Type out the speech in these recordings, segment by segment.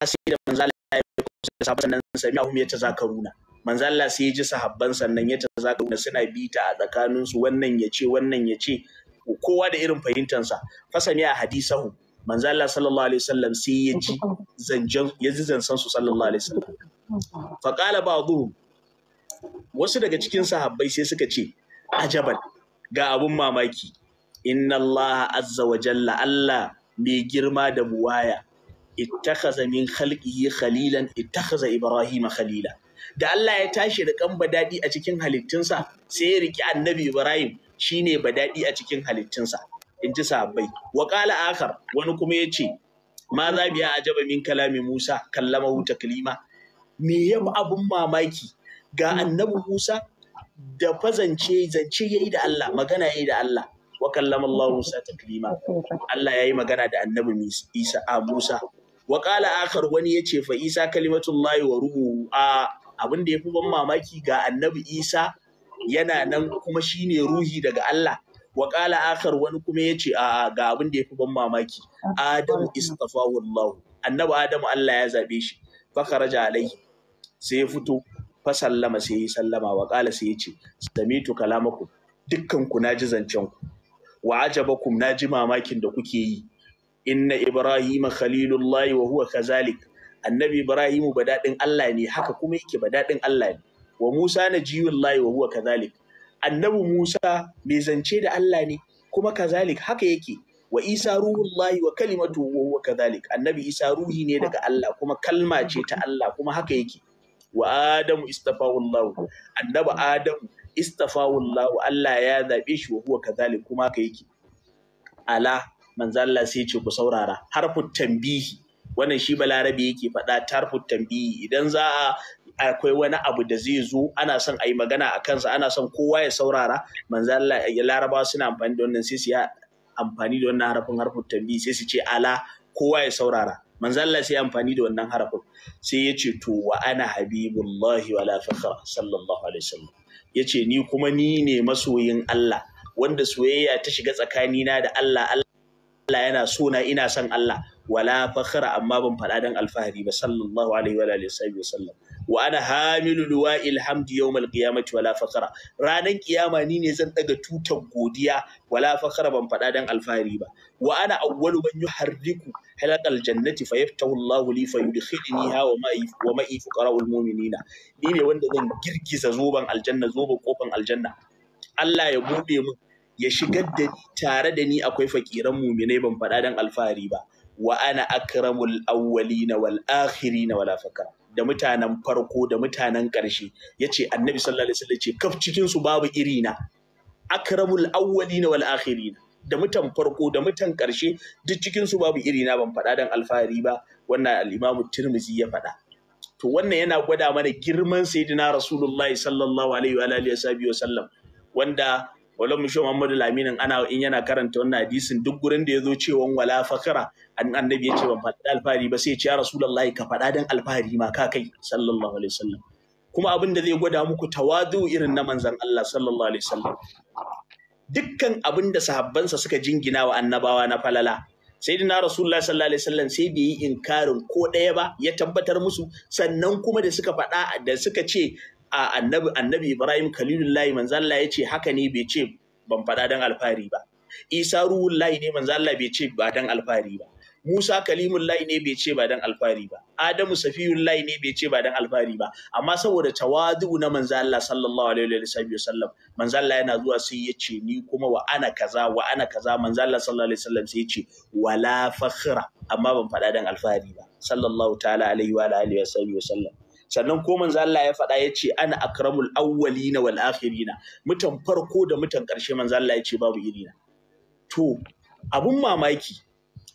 Hasi da Manzala ya yi kusa da sahabban nan sami'ahum ya ka runa. Manzala sai ya ji sahabban sannan ya runa. suna bita a tsakanin su wannan ya ce wannan ya ce kowa da irin fahimtansa fasami a hadisahu Manzala, sallallahu alaihi wasallam sai ya ji zanjan ya ji zansan su sallallahu alaihi wasallam fa qala ba'dhum wasu daga cikin sahabbai sai suka ce ajabal ga abun mamaki inna Allah azza wa jalla Allah mai girma da buwaya ittakhaza min khalqihi khalilan ittakaza ibrahima khalila da Allah ya tashi kan badadi a cikin halittunsa sai ya riki annabi ibrahim shine badadi a cikin halittunsa inji ji sahabbai wa qala akhar wani kuma yace ma za biya ajaba min kalami musa kallama huta me ya abun mamaki ga annabi musa da fazance zance yayi da Allah magana yayi da Allah wa kallama Allah Musa taklima Allah yayi magana da annabi Isa a Musa Waƙala akar wani wani ce fa isa kalimatullahi wa ruhu a abin da ya fi ban mamaki ga annabi isa yana nan kuma shi ne ruhi daga Allah Waƙala akar wani kuma yace a ga abin da ya fi ban mamaki adamu istafahu Allah annabi adamu Allah ya zaɓe shi fa kharaja alaihi sai ya fito fa sallama sai ya yi sallama Waƙala sai ya yace samitu kalamakum dukkan ku ji zancen ku wa na ji mamakin da kuke yi inna ibrahima khalilullahi wa huwa kazalik annabi Ibrahim badadin Allah ne haka kuma yake badadin Allah ne wa musa najiyullahi wa huwa kazalik annabi musa mai zance da Allah ne kuma kazalik haka yake wa isa ruhullahi wa kalimatu wa huwa kazalik annabi isa ruhi ne daga Allah kuma kalma ce ta Allah kuma haka yake wa adamu istafawullahu annabi adamu istafawullahu Allah ya zabe shi wa huwa kazalik kuma haka yake ala manzo Allah sai ce ku saurara harfu tambihi wannan shi balarabe yake faɗa tarfu tambihi idan za a akwai wani abu da zai zo ana son a yi magana a kansa ana son kowa ya saurara manzo Allah ya larabawa suna amfani da wannan sai su ya amfani da wannan harafin harfu tambihi sai su ce ala kowa ya saurara manzo Allah sai amfani da wannan harafin sai ya ce to wa ana habibullahi wala fakhra sallallahu alaihi wasallam yace ni kuma ni ne masoyin Allah wanda soyayya ta shiga tsakanina da Allah Allah Allah yana sona ina son Allah wala fakhra amma ban faɗa dan alfahari ba sallallahu alaihi wa alihi wa sallam wa ana hamilu Luwa alhamdi yawmal qiyamati wala fakhra ranan kiyama ni ne zan daga tutar godiya wala fakhra ban faɗa dan alfahari ba wa ana awwalu man yuharriku halaqal jannati fayaftahu Allahu li fayudkhilni ha wa ma wa ma mu'minina ni ne wanda zan girgiza zoban aljanna zoban kofan aljanna Allah ya bude mu. ya shigar da ni tare da ni akwai fakiran muminai ban faɗa dan alfahari ba wa ana akramul awwalina wal akhirina wala fakara da mutanen farko da mutanen ƙarshe yace annabi sallallahu alaihi wasallam yace kaf cikin su babu irina akramul awwalina wal akhirina da mutan farko da mutan ƙarshe duk cikin su babu irina ban faɗa dan alfahari ba wannan al-imamu tirmizi ya faɗa to wannan yana gwada mana girman sayyidina rasulullahi sallallahu alaihi wa alihi wa sallam wanda wala musho Muhammadu Laminin ana in yana karanta wannan hadisin duk gurin da yazo cewa wala fakara annabi ya ce ban faɗi alfahari ba sai ya ce ya rasulullahi ka faɗa dan alfahari ma ka kai sallallahu alaihi wasallam kuma abin da zai gwada muku tawadu irin na manzon Allah sallallahu alaihi wasallam dukkan abin da sahabbansa suka jingina wa annabawa na falala sayyidina rasulullahi sallallahu alaihi wasallam sai bai yi inkarin ko ɗaya ba ya tabbatar musu sannan kuma da suka faɗa da suka ce a annabi Ibrahim Khalilullahi manzo Allah ya ce haka ne bai ce ban faɗa dan alfari ba Isa ruhullahi ne manzo Allah bai ce ba dan alfari ba Musa kalimullahi ne bai ce ba dan alfari ba Adamu safiyullahi ne bai ce ba dan alfari ba amma saboda tawadu na manzo Allah sallallahu alaihi wa sallam manzo Allah yana zuwa sai ya ce ni kuma wa ana kaza wa ana kaza manzo Allah sallallahu alaihi wa sallam sai ya ce wala fakhra amma ban faɗa dan alfari ba sallallahu ta'ala alaihi wa alihi wa sallam sannan ko manzo Allah ya faɗa ya ce ana akramul awwalina wal akhirina mutan farko da mutan ƙarshe manzo Allah ya ce babu irina to abun mamaki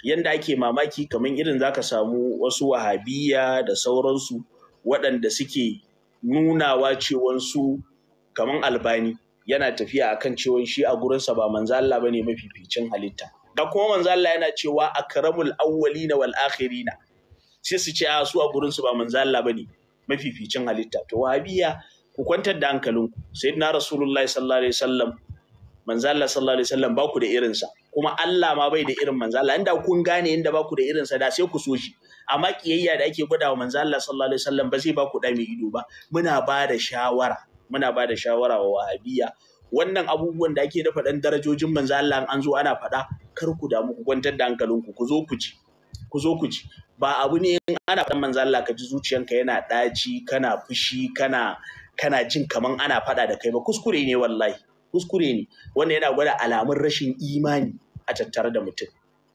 yanda ake mamaki kamar irin zaka samu wasu wahabiya da sauransu waɗanda suke nunawa su kamar albani yana tafiya akan cewan shi a gurinsa ba manzo Allah bane mafificin halitta da kuma manzo Allah yana cewa akramul awwalina wal akhirina sai su ce a su a gurinsu ba manzo Allah bane mafificin halitta to wahabiya ku kwantar da hankalinku sayyidina rasulullahi sallallahu alaihi wasallam manzo Allah sallallahu alaihi wasallam ba ku da irinsa kuma Allah ma bai da irin manzo Allah inda kun gane inda ba ku da irinsa da sai ku so shi amma kiyayya da ake gwada wa manzo Allah sallallahu alaihi wasallam ba zai ba ku da mai ido ba muna ba da shawara muna ba da shawara wa wahabiya wannan abubuwan da ake da faɗan darajojin manzo Allah an zo ana faɗa kar ku damu ku kwantar da hankalinku ku zo ku ji ku zo ku ci ba abu ne in ana fadan manzo Allah ka ji zuciyanka yana ɗaci kana fushi kana kana jin kaman ana faɗa da kai ba kuskure ne wallahi kuskure ne wannan yana gwada alamun rashin imani a tattare da mutum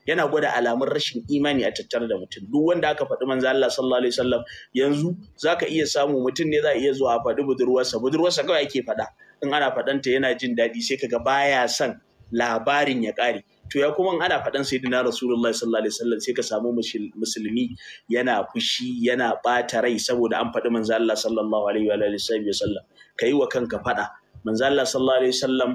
yana gwada alamun rashin imani a tattare da mutum duk wanda aka faɗi manzo Allah sallallahu alaihi wasallam yanzu zaka iya samu mutum ne za iya zuwa a faɗi budurwarsa budurwarsa kawai ake faɗa in ana ta yana jin daɗi sai kaga baya son labarin ya ƙare to ya kuma ana faɗan dina rasulullahi sallallahu alaihi wasallam sai ka samu musulmi yana fushi yana ɓata rai saboda an faɗi manzo Allah sallallahu alaihi wa alihi wasallam kai wa kanka faɗa manzo Allah sallallahu alaihi wasallam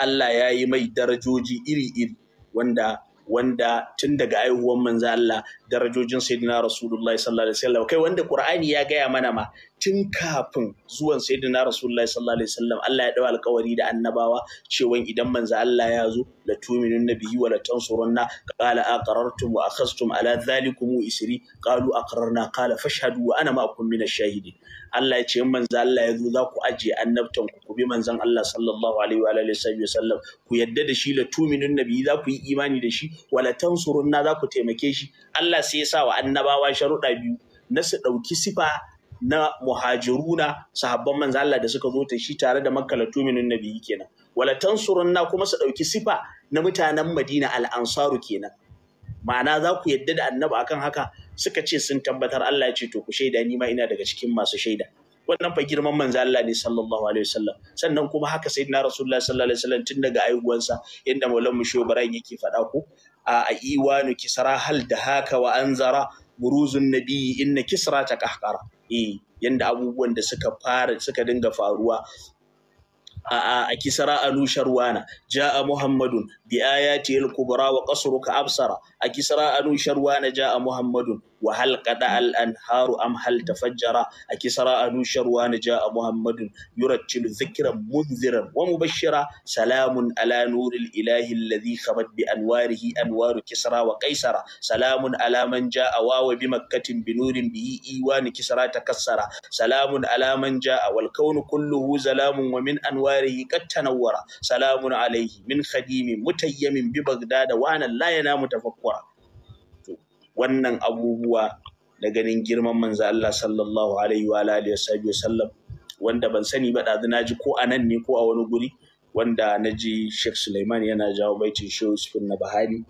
Allah ya yi mai darajoji iri-iri wanda wanda tun daga aihuwan manzo Allah darajojin sayyidina rasulullahi sallallahu alaihi wasallam kai wanda qur'ani ya gaya mana ma tun kafin zuwan sayyidina rasulullahi sallallahu alaihi wasallam Allah ya dawo alkawari da annabawa cewan idan manzo Allah ya zo la tuminun nabiyyi wa la tansurunna qala aqrartum wa akhadhtum ala dhalikum isri qalu aqrarna qala fashhadu wa ana ma'akum minash shahidin Allah ya ce in manzo Allah ya zo za ku ajiye annabtan ku ku bi manzon Allah sallallahu alaihi wa alihi wasallam ku yadda da shi la tuminun nabi za ku yi imani da shi wala tansurunna za ku taimake shi Allah sai ya sa wa annabawa sharuɗa biyu na su ɗauki sifa na muhajiruna sahabban manzo Allah da suka zo ta shi tare da makka la tuminun nabi kenan wala tansurunna kuma su ɗauki sifa na mutanen Madina al-Ansaru kenan ma'ana za ku yadda da annabi akan haka suka ce sun tabbatar Allah ya ce to ku shaida ni ma ina daga cikin masu shaida wannan fa girman manzo Allah ne sallallahu alaihi wasallam sannan kuma haka sayyidina rasulullahi sallallahu alaihi wasallam tun daga aiwansa yanda maulan mu shobaran yake faɗa ku a iwanu kisra hal da haka wa anzara buruzun nabiyyi inna kisra ta kahkara eh yanda abubuwan da suka fara suka dinga faruwa a kisra anusharwana ja'a muhammadun bi ayati al-kubra wa qasruka absara a kisra anu sharwa na ja'a muhammadun wa hal qada al anharu am hal tafajjara a kisra anu sharwa na ja'a muhammadun yurattilu dhikran munziran wa mubashshira salamun ala nuril ilahi alladhi khabat bi anwarihi anwaru kisra wa qaisara salamun ala man ja'a wa wa bi makkatin bi nurin bihi iwan kisra takassara salamun ala man ja'a wal kaunu kulluhu zalamun wa min anwarihi qad tanawwara salamun alayhi min khadimin mutayyamin bi bagdada wa la yanamu tafakwa. wannan abubuwa na ganin girman manzo Allah sallallahu alaihi wa alihi wasallam wanda ban sani ba ɗazu na ji ko a nan ne ko a wani guri wanda na ji Sheikh Suleiman yana jawo baitin Shehu su na Bahari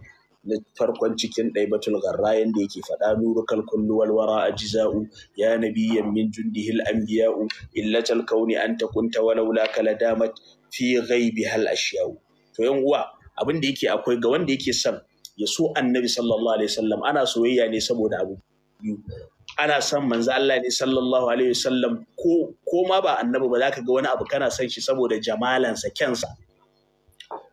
na farkon cikin ɗaibatul garra yanda yake faɗa nuru kulluwal, walwara a jiza'u ya nabiyyan min jundihil anbiya'u illatal kauni an takunta walaula kala damat fi ghaibi hal ashiya'u to yan uwa abinda da yake akwai ga wanda yake son ya so annabi sallallahu alaihi wasallam ana soyayya ne saboda abu biyu ana son manzo Allah ne sallallahu alaihi wasallam ko ko ma ba annabi ba zaka ga wani abu kana son shi saboda jamalansa kensa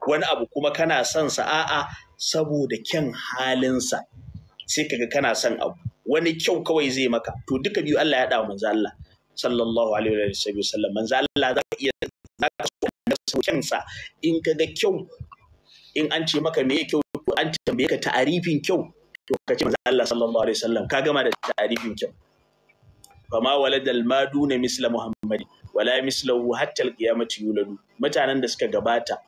wani abu kuma kana son sa a'a saboda kyan halinsa sai kaga kana son abu wani kyau kawai zai maka to duka biyu Allah ya da manzo Allah sallallahu alaihi wasallam manzo Allah zaka iya zaka so kensa in kaga kyau in an ce maka me kyau an tambaye ka ta'arifin kyau to ka ce manzo Allah sallallahu alaihi wasallam ka gama da ta'arifin kyau fama waladal madu na misla muhammadi wala mislahu hatta alqiyamati yuladu mutanen da suka gabata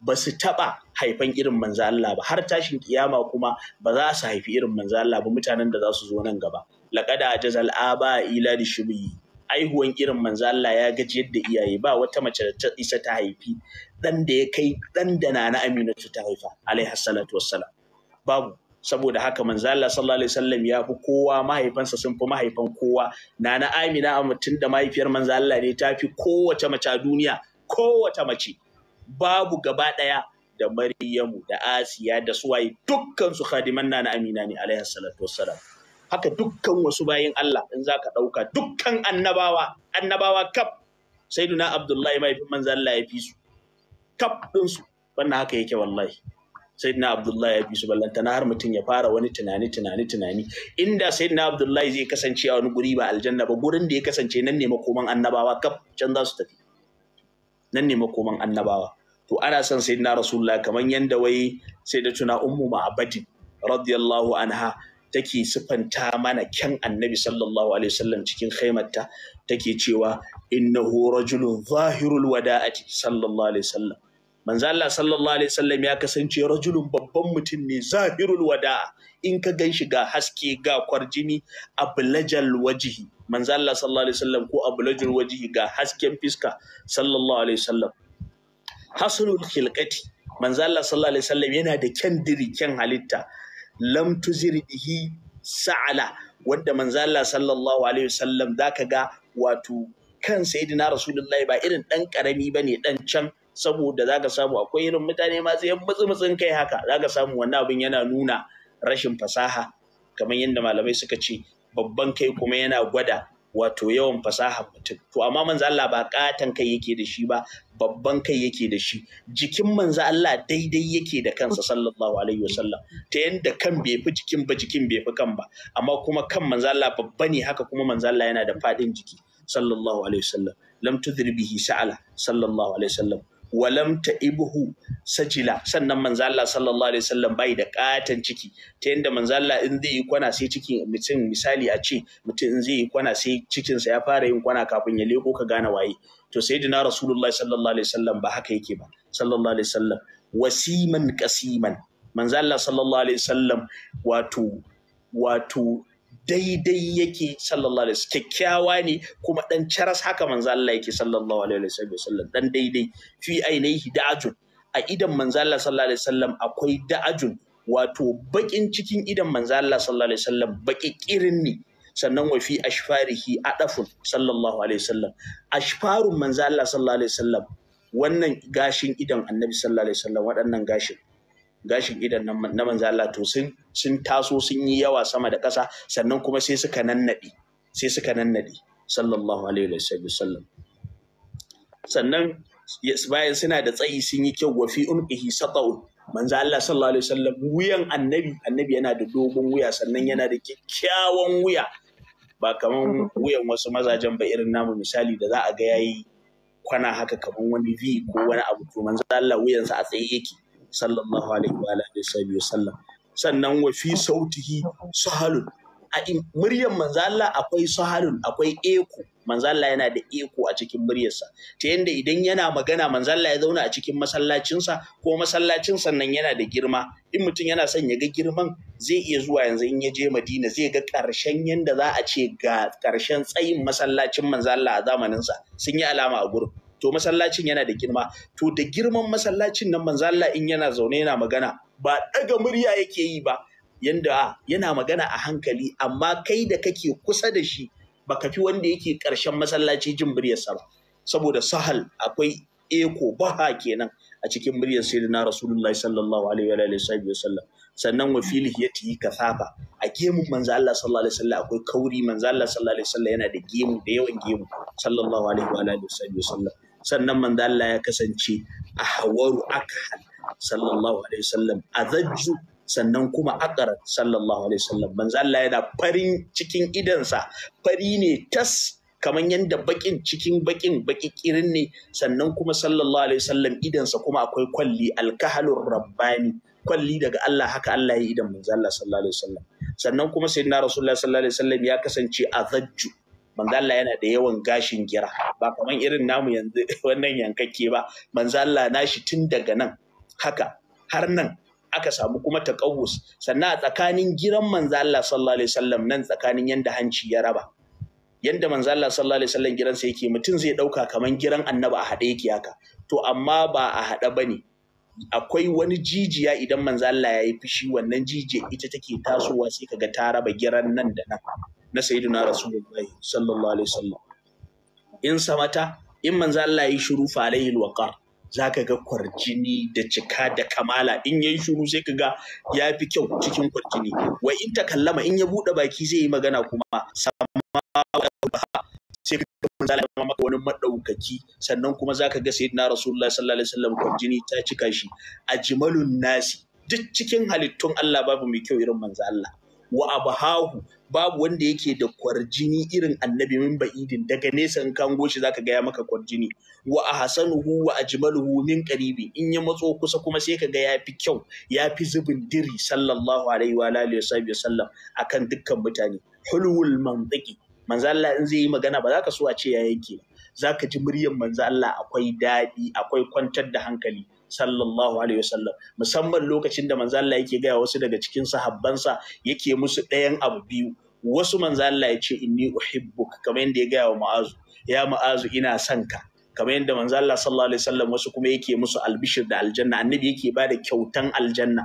ba su taba haifan irin manzo Allah ba har tashin kiyama kuma ba za su haifi irin manzo Allah ba mutanen da za su zo nan gaba laqad ajazal aba ila shubi aihuwan irin manzo Allah ya gaji yadda iyaye ba wata mace da ta isa ta haifi dan da ya kai dan da Nana Aminatu ta haifa alaihi salatu wassalam babu saboda haka manzo Allah sallallahu alaihi wasallam ya fi kowa mahaifansa sun fi mahaifan kowa nana Amina a mutum da mahaifiyar manzo Allah ne ta fi kowace mace a duniya kowace mace babu gaba daya da Maryamu da Asiya da Suwaye dukkan su khadiman nana Amina ne alaihi salatu wassalam haka dukkan wasu bayin Allah in za ka ɗauka dukkan annabawa annabawa kaf duna abdullahi mahaifin manzo Allah ya fi su kaf ɗinsu wannan haka yake wallahi duna abdullahi ya fi su ballantana har mutum ya fara wani tunani tunani tunani inda duna abdullahi zai kasance a wani guri ba aljanna ba gurin da ya kasance nan ne makoman annabawa kaf can za su tafi nan ne makoman annabawa to ana son duna rasulullah kamar yadda wai sai da tuna ummu ma'abadin radiyallahu anha take sifanta mana kyan annabi sallallahu alaihi wasallam cikin khaimarta take cewa innahu rajulun zahirul wada'ati sallallahu alaihi wasallam manzo Allah sallallahu alaihi wasallam ya kasance rajulun babban mutum ne zahirul wada'a in ka gan shi ga haske ga kwarjini ablajal wajihi manzo Allah sallallahu alaihi wasallam ko ablajal wajihi ga hasken fiska sallallahu alaihi wasallam hasrul khilqati manzo Allah sallallahu alaihi wasallam yana da kyan diri kyan halitta lam tuzir bihi sa'ala wanda manzo Allah sallallahu alaihi wasallam zaka ga wato kan sayyidina rasulullahi ba irin dan karami bane dan can saboda zaka samu akwai irin mutane ma sai mutsu kai haka zaka samu wannan abin yana nuna rashin fasaha kamar yadda malamai suka ce babban kai kuma yana gwada wato yawan fasahar mutum to amma manzo Allah ba katan kai yake da shi ba babban kai yake da shi jikin manzo Allah daidai yake da kansa sallallahu alaihi wasallam ta yanda kan bai fi jikin ba jikin bai fi kan ba amma kuma kan manzo Allah babba ne haka kuma manzo Allah yana da fadin jiki sallallahu alaihi wasallam lam tudribihi sa'ala sallallahu alaihi wasallam walam ta ibhu sajila sannan manzo Allah sallallahu alaihi wasallam bai da katan ciki ta yanda manzo Allah in zai yi kwana sai ciki mutum misali a ce mutum in zai yi kwana sai cikin sa ya fara yin kwana kafin ya leko ka gane waye to sayyidina rasulullahi sallallahu alaihi wasallam ba haka yake ba sallallahu alaihi wasallam wasiman qasiman manzo Allah sallallahu alaihi wasallam wato wato daidai yake sallallahu alaihi wasallam kyakkyawa ne kuma dan caras haka manzo Allah yake sallallahu alaihi wasallam dan daidai fi ainihi da'ajun a idan manzo Allah sallallahu alaihi wasallam akwai da'ajun wato bakin cikin idan manzo Allah sallallahu alaihi wasallam baki kirin ne sannan wa fi ashfarihi adafun sallallahu alaihi wasallam ashfarun manzo Allah sallallahu alaihi wasallam wannan gashin idan annabi sallallahu alaihi wasallam waɗannan gashin gashin idan na manzo Allah to sun sun taso sun yi yawa sama da ƙasa sannan kuma sai suka nannade sai suka nannade sallallahu alaihi wa sallam sannan bayan suna da tsayi sun yi kyau wa fi umqihi saqaun manzo Allah sallallahu alaihi wasallam wuyan annabi annabi yana da dogon wuya sannan yana da kyakkyawan wuya ba kaman wuyan wasu mazajen ba irin namu misali da za a ga yayi kwana haka kaman wani V ko wani abu to manzo Allah wuyansa a tsaye yake sallallahu alaihi wa alihi wa sallam sannan wa fi sautihi sahalun a muryar manzo Allah akwai sahalun akwai eko manzo Allah yana da eko a cikin muryarsa ta yanda idan yana magana manzo Allah ya zauna a cikin masallacinsa ko masallacin sannan yana da girma in mutum yana son ya ga girman zai iya zuwa yanzu in ya je Madina zai ga karshen yanda za a ce ga karshen tsayin masallacin manzo Allah a zamaninsa sun yi alama a gurin to masallacin yana da girma to da girman masallacin nan manzo Allah in yana zaune yana magana ba daga murya yake yi ba yanda yana magana a hankali amma kai da kake kusa da shi ba ka fi wanda yake ƙarshen masallaci jin muryarsa ba saboda sahal akwai eko baha kenan a cikin muryar sayyidina rasulullahi sallallahu alaihi wa alihi sallam sannan wa fili yati kasafa a gemun manzo Allah sallallahu alaihi wasallam akwai kauri manzo Allah sallallahu alaihi wasallam yana da gemu da yawan gemu sallallahu alaihi wa alihi sallam sannan manzo Allah ya kasance a hawaru akhal sallallahu alaihi wasallam azajju sannan kuma akar sallallahu alaihi wasallam manzo Allah yana farin cikin idansa fari ne tas kamar yadda bakin cikin bakin baki kirin ne sannan kuma sallallahu alaihi wasallam idansa kuma akwai kwalli alkahalur rabbani kwalli daga Allah haka Allah ya idan manzo Allah sallallahu alaihi wasallam sannan kuma sayyidina rasulullah sallallahu alaihi wasallam ya kasance azajju manzalla yana da yawan gashin gira ba kamar irin namu yanzu wannan yankakke ba manzalla nashi tun daga nan haka har nan aka samu kuma taƙawus sannan a tsakanin giran manzalla sallallahu alaihi wasallam nan tsakanin yanda hanci ya raba yanda manzo Allah sallallahu alaihi wasallam giransa yake mutum zai ɗauka kaman giran annabi a hade yake haka to amma ba a hade bane akwai wani jijiya idan manzo ya yi fushi wannan jijiya ita take tasowa sai kaga ta raba giran nan da nan na sayyidina rasulullahi sallallahu alaihi wasallam in samata in manzo Allah yi shiru fa alaihi alwaqar zaka ga kwarjini da cika da kamala in yayi shiru sai ka ga kyau cikin kwarjini wa in kallama in ya bude baki zai yi magana kuma sama sai ka ga manzo maka wani madaukaki sannan kuma zaka ga sayyidina rasulullahi sallallahu alaihi wasallam kwarjini ta cika shi ajmalun nasi duk cikin halittun Allah babu mai kyau irin manzo Allah wa abahahu babu wanda yake da kwarjini irin annabi min ba'idin daga nesa in kango shi zaka gaya maka kwarjini wa ahsanuhu wa ajmaluhu min qaribi in ya matso kusa kuma sai ka kaga fi kyau Ya fi zubin diri sallallahu alaihi wa alihi wasallam akan dukkan mutane hulwul mantiki manzo Allah in zai yi magana ba za ka so a ce ya yake za ka ji muryar manzo Allah akwai daɗi akwai kwantar da hankali sallallahu alaihi wasallam musamman lokacin da manzo Allah yake gaya wasu daga cikin sahabbansa yake musu ɗayan abu biyu wasu manzo Allah ya ce inni uhibbuk kamar yadda ya gaya wa Mu'azu ya Mu'azu ina son ka kamar yadda manzo Allah sallallahu alaihi wasallam wasu kuma yake musu albishir da aljanna annabi yake bada kyautan aljanna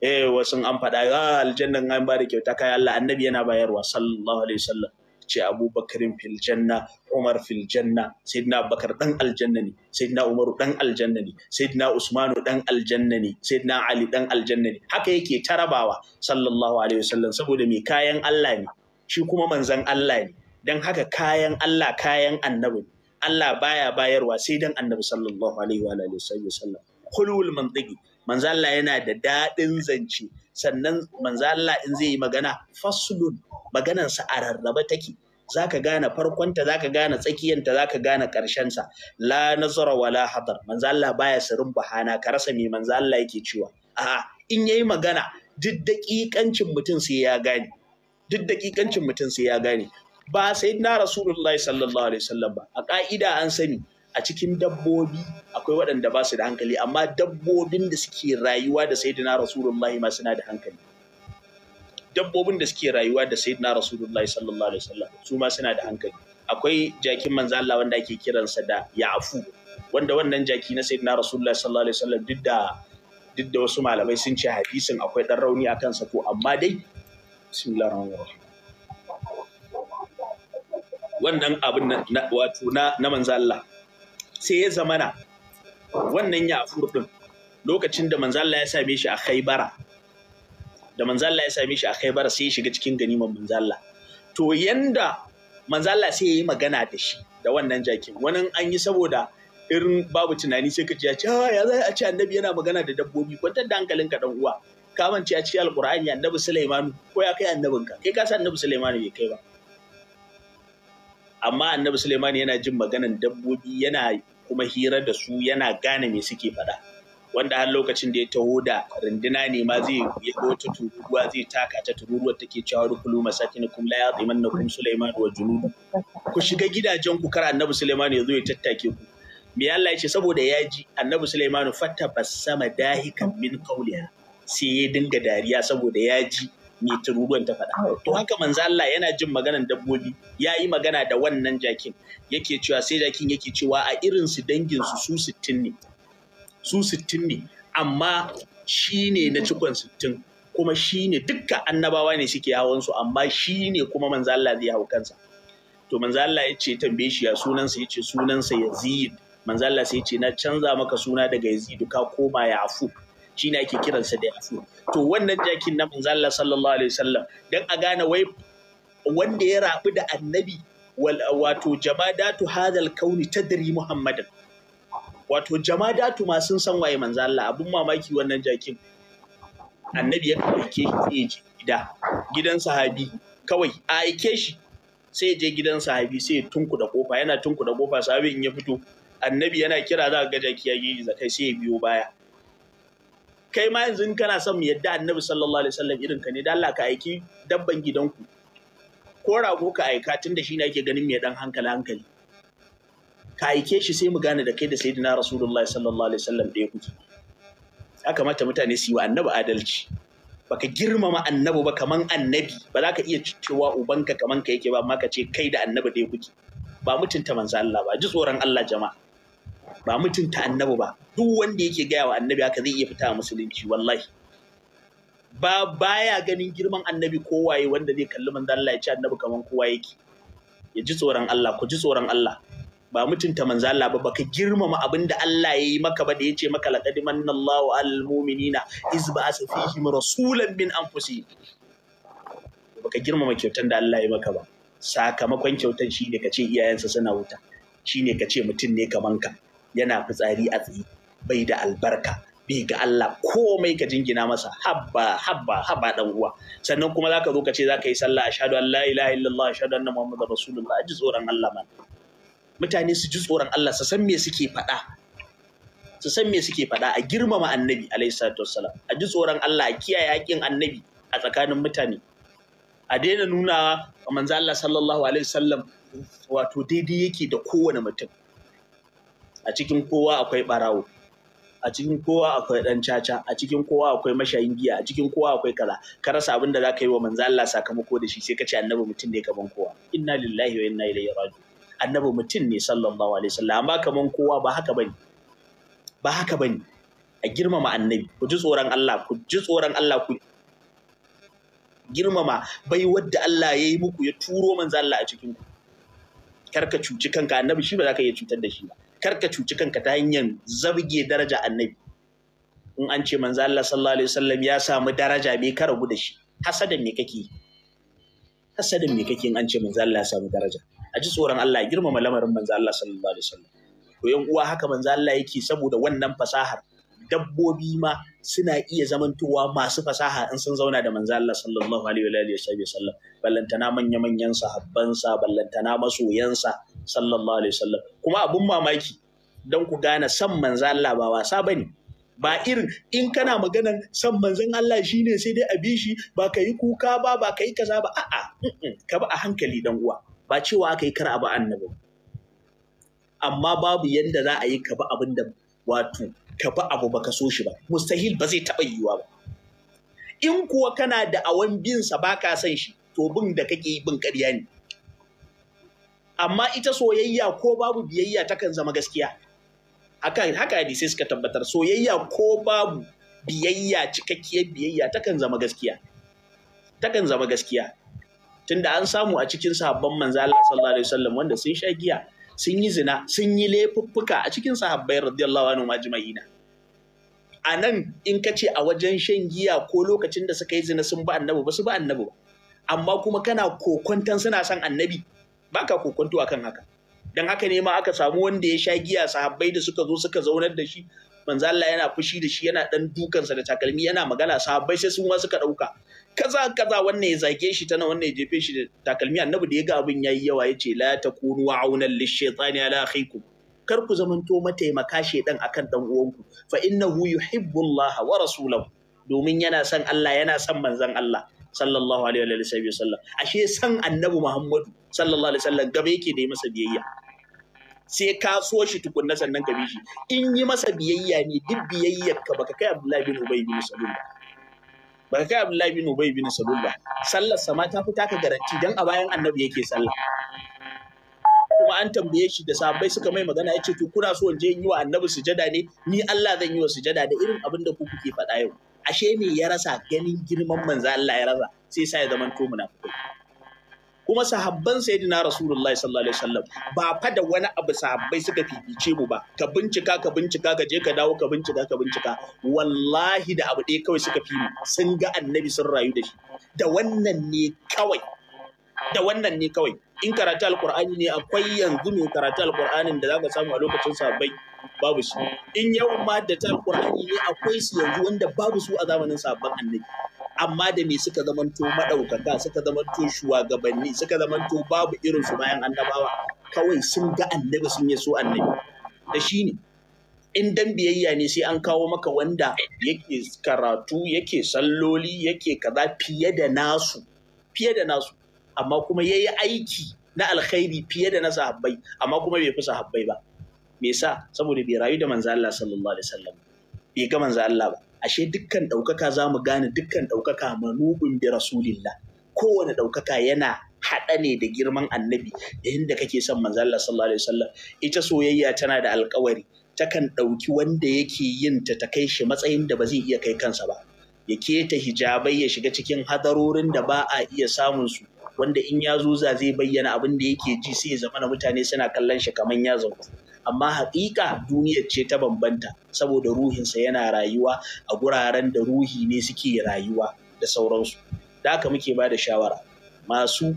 eh wasu an faɗa ah, aljanna an bada kyauta kai Allah annabi yana bayarwa sallallahu alaihi wasallam ce abubakarin fil janna umar filjanna janna sayyidina abubakar dan aljanna ne sayyidina umaru dan aljanna ne sayyidina usmanu dan aljanna ne sayyidina ali dan aljanna ne haka yake tarabawa sallallahu alaihi wasallam saboda mai kayan Allah ne shi kuma manzon Allah ne dan haka kayan Allah kayan annabi Allah baya bayarwa sai dan annabi sallallahu alaihi wa alihi wasallam Kulul mantiki manzo Allah yana da dadin zance sannan manzo Allah in zai yi magana faslun maganarsa a rarraba take zaka gane farkonta zaka gane tsakiyanta zaka gane sa la nazara wala hadar manzo Allah baya sirin bahana ka rasa me manzo Allah yake cewa a'a in yayi magana duk daƙiƙancin mutum sai ya gane duk daƙiƙancin mutum sai ya gane ba sayyidina rasulullahi sallallahu alaihi wasallam ba a ka'ida an sani a cikin dabbobi akwai waɗanda ba su da hankali amma dabbobin da suke rayuwa da sayyidina rasulullahi ma suna da hankali dabbobin da suke rayuwa da rasulun lahi sallallahu alaihi wasallam su ma suna da hankali akwai jakin manzo Allah wanda ake kiransa da ya'fu wanda wannan jaki na sayyidina rasulullahi sallallahu alaihi wasallam duk da duk da wasu malamai sun ce hadisin akwai dan rauni akan sa ko amma dai bismillahir wannan abin na wato na manzo Allah sai ya zamana wannan ya afur din lokacin da manzo ya same shi a Khaibara da manzo ya same shi a Khaibara sai ya shiga cikin ganimar Manzala, to yanda Manzala sai ya yi magana da shi da wannan jakin wani an yi saboda irin babu tunani sai ka ji ya ce ah, ya za a ce annabi yana magana da dabbobi kwantar da hankalinka dan uwa kaman ce a ce alkur'ani annabi sulaimanu ko ya kai annabinka kai ka san annabi sulaimanu bai kai ba amma annabi sulaimanu yana jin maganan dabbobi yana kuma hira da su yana gane me suke faɗa wanda har lokacin da ya taho da runduna ne ma zai ya wata tururuwa zai taka ta tururuwar take cewa rukulu kum la kum sulaiman wa junudu ku shiga gidajen ku kar annabi sulaiman ya zo ya tattake ku me Allah ya ce saboda ya ji annabi sulaiman fatta sama dahikan min qawliha sai ya dinga dariya saboda ya ji mai tururuwan ta faɗa oh, to haka manzo Allah yana jin maganan dabbobi ya yi magana da wannan jakin yake cewa sai jakin yake cewa a irin su dangin su su 60 ne su 60 ne amma shi ne na cikon sittin, kuma shi ne dukkan annabawa ne suke hawan su amma shi ne kuma manzo Allah zai hau kansa to manzo Allah ya ce tambaye shi ya sunansa ya ce sunansa Yazid manzo Allah sai ya ce na canza maka suna daga Yazid ka koma Yafuk shine ake kiransa da yafu to wannan jakin na manzo Allah sallallahu alaihi wasallam dan a gane wai wanda ya rabu da annabi wato jamadatu hadal kauni tadri muhammadan wato jamadatu ma sun san waye manzo Allah abun mamaki wannan jakin annabi ya aike shi je gida gidan sahabi kawai a aike shi sai ya je gidan sahabi sai ya da kofa yana da kofa sahabi in ya fito annabi yana kira za ga jaki ya gidi zakai sai ya biyo baya kai ma yanzu in kana son mu yadda annabi sallallahu alaihi wasallam irin ka ne da Allah ka aiki dabban gidanku ko rago ka aika tunda shi ne ake ganin mai dan hankali hankali ka aike shi sai mu gane da kai da sayyidina rasulullahi sallallahu alaihi wasallam ɗaya kuke ya kamata mutane su yi wa annabi adalci baka girmama annabi ba kaman annabi ba za ka iya cewa ubanka kaman ka yake ba amma ka ce kai da annabi ɗaya kuke ba mutunta manzo Allah ba ji tsoron Allah jama'a ba mutunta annabi ba duk wanda yake gaya wa annabi haka zai iya fita a musulunci wallahi ba baya ganin girman annabi kowaye wanda zai kalli manzo Allah ya ci annabi kaman kowa yake ya ji tsoron Allah ku ji tsoron Allah ba mutunta manzo Allah ba baka girmama abin da Allah ya yi maka ba da yace maka laqad manallahu alal mu'minina iz ba'atha fihim rasulan min anfusihim baka girmama kyautan da Allah ya maka ba sakamakon kyautan shi ka kace iyayensa suna wuta shine kace mutum ne kaman ka yana fitsari a tsaye bai da albarka bai ga Allah komai ka jingina masa habba habba habba dan uwa sannan kuma zaka zo ka ce zaka yi sallah ashhadu an la ilaha illallah ashhadu anna muhammadar rasulullah ji tsoron Allah man mutane su ji tsoron Allah su san me suke faɗa su san me suke faɗa a girmama annabi alaihi salatu wassalam a ji tsoron Allah a kiyaye haƙƙin annabi a tsakanin mutane a daina nuna manzo Allah sallallahu alaihi wasallam wato daidai yake da kowane mutum a cikin kowa akwai barawo a cikin kowa akwai dan caca a cikin kowa akwai mashayin giya a cikin kowa akwai kaza ka rasa abin da zaka yi wa manzo Allah sakamako da shi sai ka ce annabi mutum ne kaman kowa inna lillahi wa inna ilaihi raji'un annabi mutum ne sallallahu alaihi wasallam amma kaman kowa ba haka bane ba haka bane a girmama annabi ku ji tsoron Allah ku ji tsoron Allah ku girmama bai wadda Allah ya yi muku ya turo manzo Allah a cikin ku kar ka cuci kanka annabi shi ba za ka iya cutar da shi ba karka cuci kanka ta hanyar zabge daraja annabi in an ce manzo Allah sallallahu alaihi wasallam ya samu daraja me ka rabu da shi hasadan me kake hasadan me kake in an ce manzo Allah ya samu daraja a ji tsoron Allah ya girmama lamarin manzo Allah sallallahu alaihi wasallam to yan uwa haka manzo Allah yake saboda wannan fasahar dabbobi ma suna iya zamantowa masu fasaha in sun zauna da manzo Allah sallallahu alaihi wa sallam ballantana manya-manyan sa ballantana masoyansa sallallahu alaihi wasallam kuma abun mamaki don ku gane san manzan Allah ba wasa bane ba irin in kana maganan san manzan Allah shine sai dai a bi shi ba ka yi kuka ba ba ka yi kaza ba a'a ka ba a hankali dan uwa ba cewa aka yi kar abu annabi amma babu yanda za a yi ka ba abin da wato ka ba abu baka so shi ba mustahil ba zai taba yiwuwa ba in kuwa kana da awan bin sa baka san shi to bin da kake yi bin ƙarya ne amma ita soyayya ko babu biyayya takan zama gaskiya Haka haka sai suka tabbatar soyayya ko babu biyayya cikakkiyar biyayya takan zama gaskiya takan zama gaskiya tunda an samu a cikin sahabban manzo Allah sallallahu alaihi wasallam wanda sun sha giya sun yi zina sun yi laifuffuka a cikin sahabbai radiyallahu anhu majma'ina a nan in ka ce a wajen shan giya ko lokacin da suka yi zina sun ba annabi ba su ba annabi ba amma kuma kana kokontan suna son annabi baka kokonto akan haka Don haka ne ma aka samu wanda ya sha giya sahabbai da suka zo suka zaunar da shi manzo Allah yana fushi da shi yana dan dukansa da takalmi yana magana sahabbai sai sun suka dauka kaza kaza wannan ya zage shi tana wannan ya jefe shi da takalmi annabi da ya ga abin yayi yawa yace la takunu wa'unan lishaytani ala akhikum kar ku zamanto mataimaka shedan akan dan uwanku fa innahu yuhibbu Allah wa rasulahu domin yana son Allah yana son manzon Allah sallallahu alaihi wa sallam ashe san annabi Muhammadu sallallahu alaihi wa sallam gaba yake da yi masa biyayya sai ka so shi tukunna sannan ka bi shi in yi masa biyayya ne duk biyayyar ka baka kai Abdullahi bin Ubay bin Salul ba baka kai Abdullahi bin Ubay bin Salul ba sallar sa ma ta fi taka garanti dan a bayan annabi yake sallah kuma an tambaye shi da sahabbai suka mai magana ya ce to kuna so in je in yi wa annabi sujada ne ni Allah zan yi wa sujada da irin abin da ku kuke faɗa yau ashe me ya rasa ganin girman manzo Allah ya rasa sai sa ya zaman to munafiki kuma sahabban sayyidina rasulullahi sallallahu alaihi wasallam ba fa da wani abu sahabbai suka fifice mu ba ka bincika ka bincika ka je ka dawo ka bincika ka bincika wallahi da abu ɗaya kawai suka fi mu sun ga annabi sun rayu da shi da wannan ne kawai da wannan ne kawai in karatu alqur'ani ne akwai yanzu mai karatu alkur'anin da zaka samu a lokacin sahabbai babu shi eh. in yawan ma da ta alkur'ani ne akwai su yanzu wanda babu su a zamanin sabon annabi amma da me suka zamanto madaukaka suka zamanto shugabanni suka zamanto babu irin su bayan annabawa kawai sun ga annabi sun yi so annabi da shi ne in dan biyayya ne sai an kawo maka wanda yake karatu yake salloli yake kaza fiye da nasu fiye da nasu amma kuma yayi aiki na alkhairi fiye da na sahabbai amma kuma bai fi sahabbai ba me yasa saboda bai rayu da manzo Allah sallallahu alaihi wasallam bai ga manzo Allah ba ashe dukkan ɗaukaka zamu gane dukkan ɗaukaka manubin bi rasulillah kowane ɗaukaka yana haɗa ne da girman annabi da inda kake son manzo Allah sallallahu alaihi wasallam ita soyayya tana da alƙawari takan ɗauki wanda yake yin ta ta kai shi matsayin da ba zai iya kai kansa ba ya keta hijabai ya shiga cikin hadarorin da ba a iya samun su wanda in ya zuza zai bayyana abin da yake ji sai ya zama mutane suna kallon shi kamar ya zauku amma haƙiƙa duniyar ce ta bambanta saboda ruhinsa yana rayuwa a guraren da ruhi ne suke rayuwa da sauransu da haka muke ba da shawara masu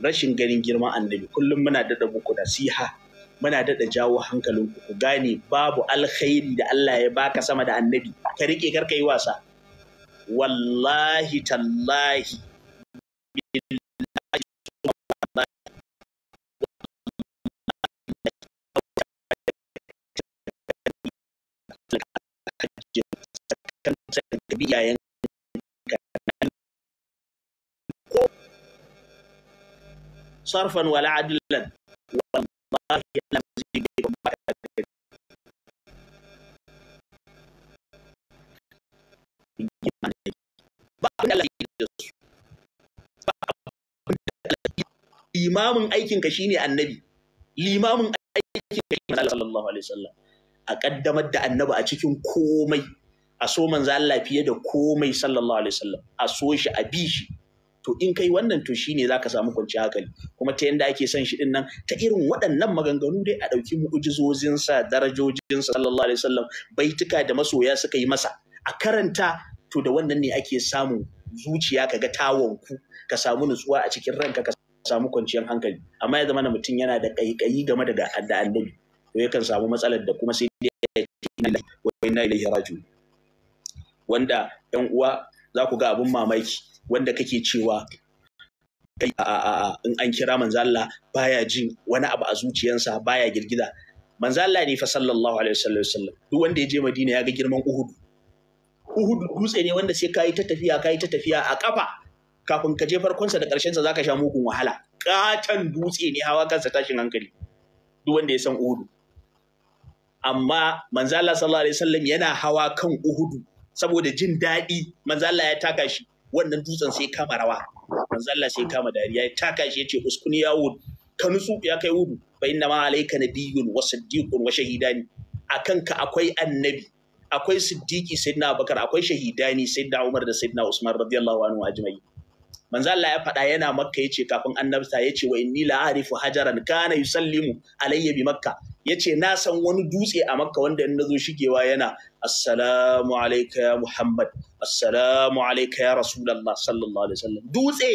rashin ganin girman annabi kullum muna daɗa muku nasiha muna daɗa jawo hankalinku ku gane babu alkhairi da Allah ya baka sama da annabi ka riƙe karka yi wasa wallahi tallahi صرفا ولا عدلا والله لم يزدكم بعد إمام أيكن كشيني النبي الإمام أيكن كشيني صلى الله عليه وسلم a ƙaddamar da annabi a cikin komai a so manzo Allah fiye da komai sallallahu alaihi wasallam a so shi a bi shi to in kai wannan to shine zaka samu kwanciyar hankali kuma ta yanda ake son shi din nan ta irin waɗannan maganganu dai a ɗauki mu'ujizozin sa darajojin sallallahu alaihi wasallam baituka da masoya suka yi masa a karanta to da wannan ne ake samu zuciya ka ga tawanku ka samu nutsuwa a cikin ranka ka samu kwanciyar hankali amma ya zama mutum yana da kaikayi game da annabi to yakan samu matsalar da kuma sai dai ya ce wa na ilaihi wanda yan uwa za ku ga abun mamaki wanda kake cewa kai a in an kira Manzala baya jin wani abu a zuciyarsa baya girgiza Manzala ne fa sallallahu alaihi wasallam duk wanda ya je Madina ya ga girman Uhudu, Uhud dutse ne wanda sai kai ta tafiya kai ta tafiya a kafa kafin ka je farkonsa da ƙarshensa za ka sha mugun wahala ƙaton dutse ne hawa kansa tashin hankali duk wanda ya san Uhudu. amma Manzala Allah sallallahu alaihi wasallam yana hawa kan Uhudu saboda jin daɗi Manzala ya taka shi wannan dutsen sai kama rawa manzo Allah sai kama dariya ya taka shi yace uskuni ya wudu ka nutsu ya kai wudu fa inna ma alayka nabiyyun wa siddiqun wa shahidani akan ka akwai annabi akwai siddiqi sayyidina Abubakar akwai shahidani sayyidina Umar da sayyidina Usman radiyallahu anhu ajma'in manzo Allah ya faɗa yana makka yace kafin annabta yace wa inni la arifu hajaran kana yusallimu alayya bi makka yace na san wani dutse a makka wanda in nazo shigewa yana assalamu alayka ya muhammad assalamu alayka ya rasulullah sallallahu alaihi wasallam dutse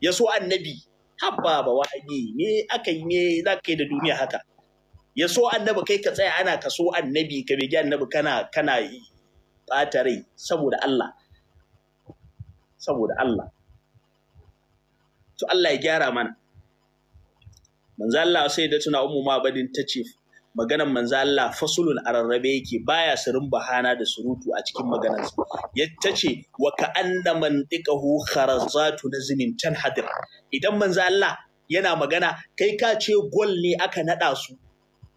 ya so annabi habba ba wahayi ne akai ne za ka da duniya haka ya so annabi kai ka tsaya ana ka so annabi ka bege annabi kana kana ɓata rai saboda Allah saboda Allah to Allah ya gyara mana manzo Allah sai da tuna ummu ma badin ta ce maganan manzo Allah fasulun ararrabe yake baya sirin bahana da surutu a cikin maganarsa ya ce wa ka man mantiqahu kharazatu nazmin tanhadir idan manzo Allah yana magana kai ka ce gol ne aka nada su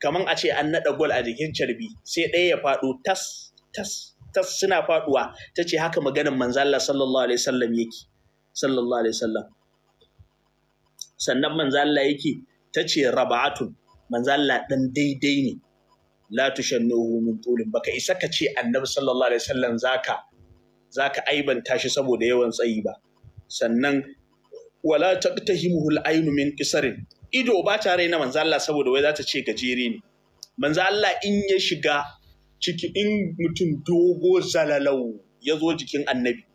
kaman a ce an nada gol a jikin carbi sai ɗaya ya faɗo tas tas tas suna faɗuwa tace haka maganan manzo Allah sallallahu alaihi wasallam yake sallallahu alaihi wasallam sannan manzo Allah yake ce raba'atun manzo Allah dan daidai ne la tushannuhu min tulin baka isa ka ce annabi sallallahu alaihi wasallam zaka zaka aibanta shi saboda yawan tsayi ba sannan wala taqtahimuhu al-ayn min qisarin ido ba ta raina manzalla saboda wai za ta ce gajere ne manzo Allah in ya shiga ciki in mutum dogo zalalau ya zo jikin annabi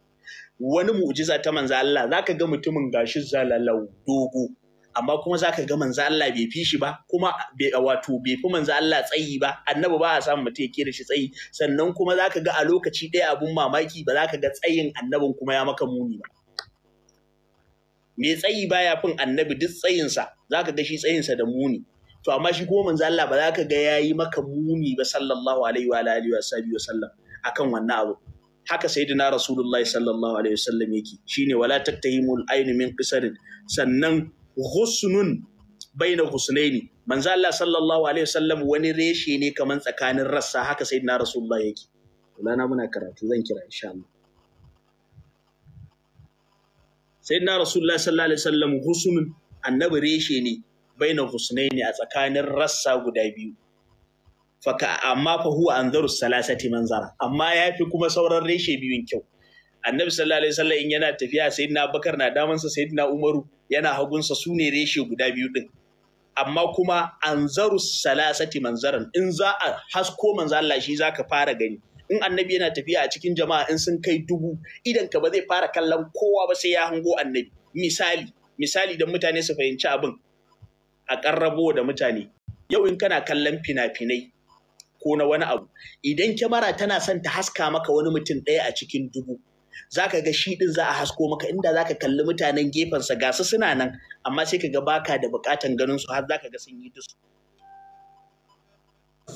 wani mu'jiza ta manza Allah ka ga mutumin gashi zalalau dogo amma kuma za ka ga manza Allah bai fi shi ba kuma wato bai fi manza Allah tsayi ba annabi ba a samu mutum ya da shi tsayi sannan kuma za ka ga a lokaci ɗaya abun mamaki ba za ka ga tsayin annabin kuma ya maka muni ba Me tsayi baya fin annabi duk tsayinsa ka ga shi tsayinsa da muni to amma shi kuma manzo Allah ba za ka ga ya yi maka muni ba sallallahu alaihi wa alihi wa sallam akan wannan abu haka sayyidina rasulullahi sallallahu alaihi wasallam yake shine wala taktahimul ainu min qisarin sannan husnun baina husnaini manzo Allah sallallahu alaihi wasallam wani reshe ne kaman tsakanin rassa haka sayyidina rasulullahi yake kulana muna karatu zan kira insha Allah sayyidina rasulullahi sallallahu alaihi wasallam husnun annabi reshe ne baina husnaini a tsakanin rassa guda biyu faka amma fa huwa anzaru salasati manzara amma yafi kuma sauran reshe biyun kyau annabi sallallahu alaihi wasallam in yana tafiya sayyidina abubakar na damansa sayyidina umaru yana hagunsa su ne reshe guda biyu din amma kuma anzaru salasati manzaran in za a hasko manzo Allah shi zaka fara gani in annabi yana tafiya a cikin jama'a in sun kai dubu idan ka ba zai fara kallon kowa ba sai ya hango annabi misali misali don mutane su fahimci abin a karrabo da mutane yau in kana kallon fina-finai ko na wani abu idan kyamara tana son ta haska maka wani mutum ɗaya a cikin dubu zaka ga shi ɗin za a hasko maka inda zaka kalli mutanen gefensa ga su suna nan amma sai ka ga baka da bukatan ganin su har ka ga sun yi dusu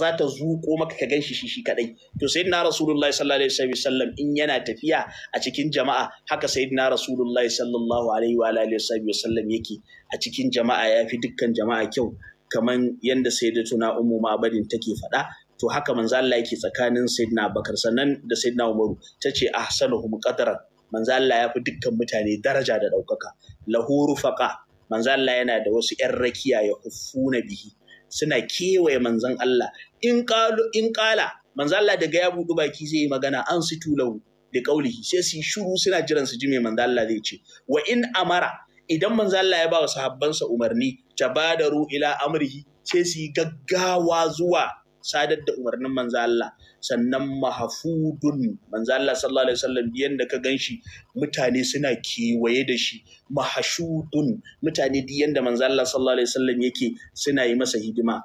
za ta zuƙo maka ka gan shi shi kaɗai to na rasulullahi sallallahu alaihi wasallam in yana tafiya a cikin jama'a haka na rasulullahi sallallahu alaihi wa alihi wasallam yake a cikin jama'a ya fi dukkan jama'a kyau kaman yanda tuna umu ma'badin take faɗa to haka manzo Allah yake tsakanin sayyidina Abubakar sannan da sayyidina Umaru tace ahsanuhum qadran manzo Allah ya fi dukkan mutane daraja da daukaka lahu rufaqa manzo Allah yana da wasu yan rakiya ya hufuna bihi suna kewaye manzon Allah in qalu in qala manzo Allah daga ya budu baki zai yi magana an situ lahu da kaulihi sai su shiru suna jiran su ji me manzo Allah zai ce wa in amara idan manzo Allah ya ba wa sahabbansa umarni tabadaru ila amrihi sai su yi gaggawa zuwa sadar da umarnin manzo Allah sannan mahafudun manzo Allah sallallahu alaihi wasallam da ka ganshi mutane suna kewaye da shi mahashudun mutane di yanda manzo Allah sallallahu alaihi wasallam yake suna yi masa hidima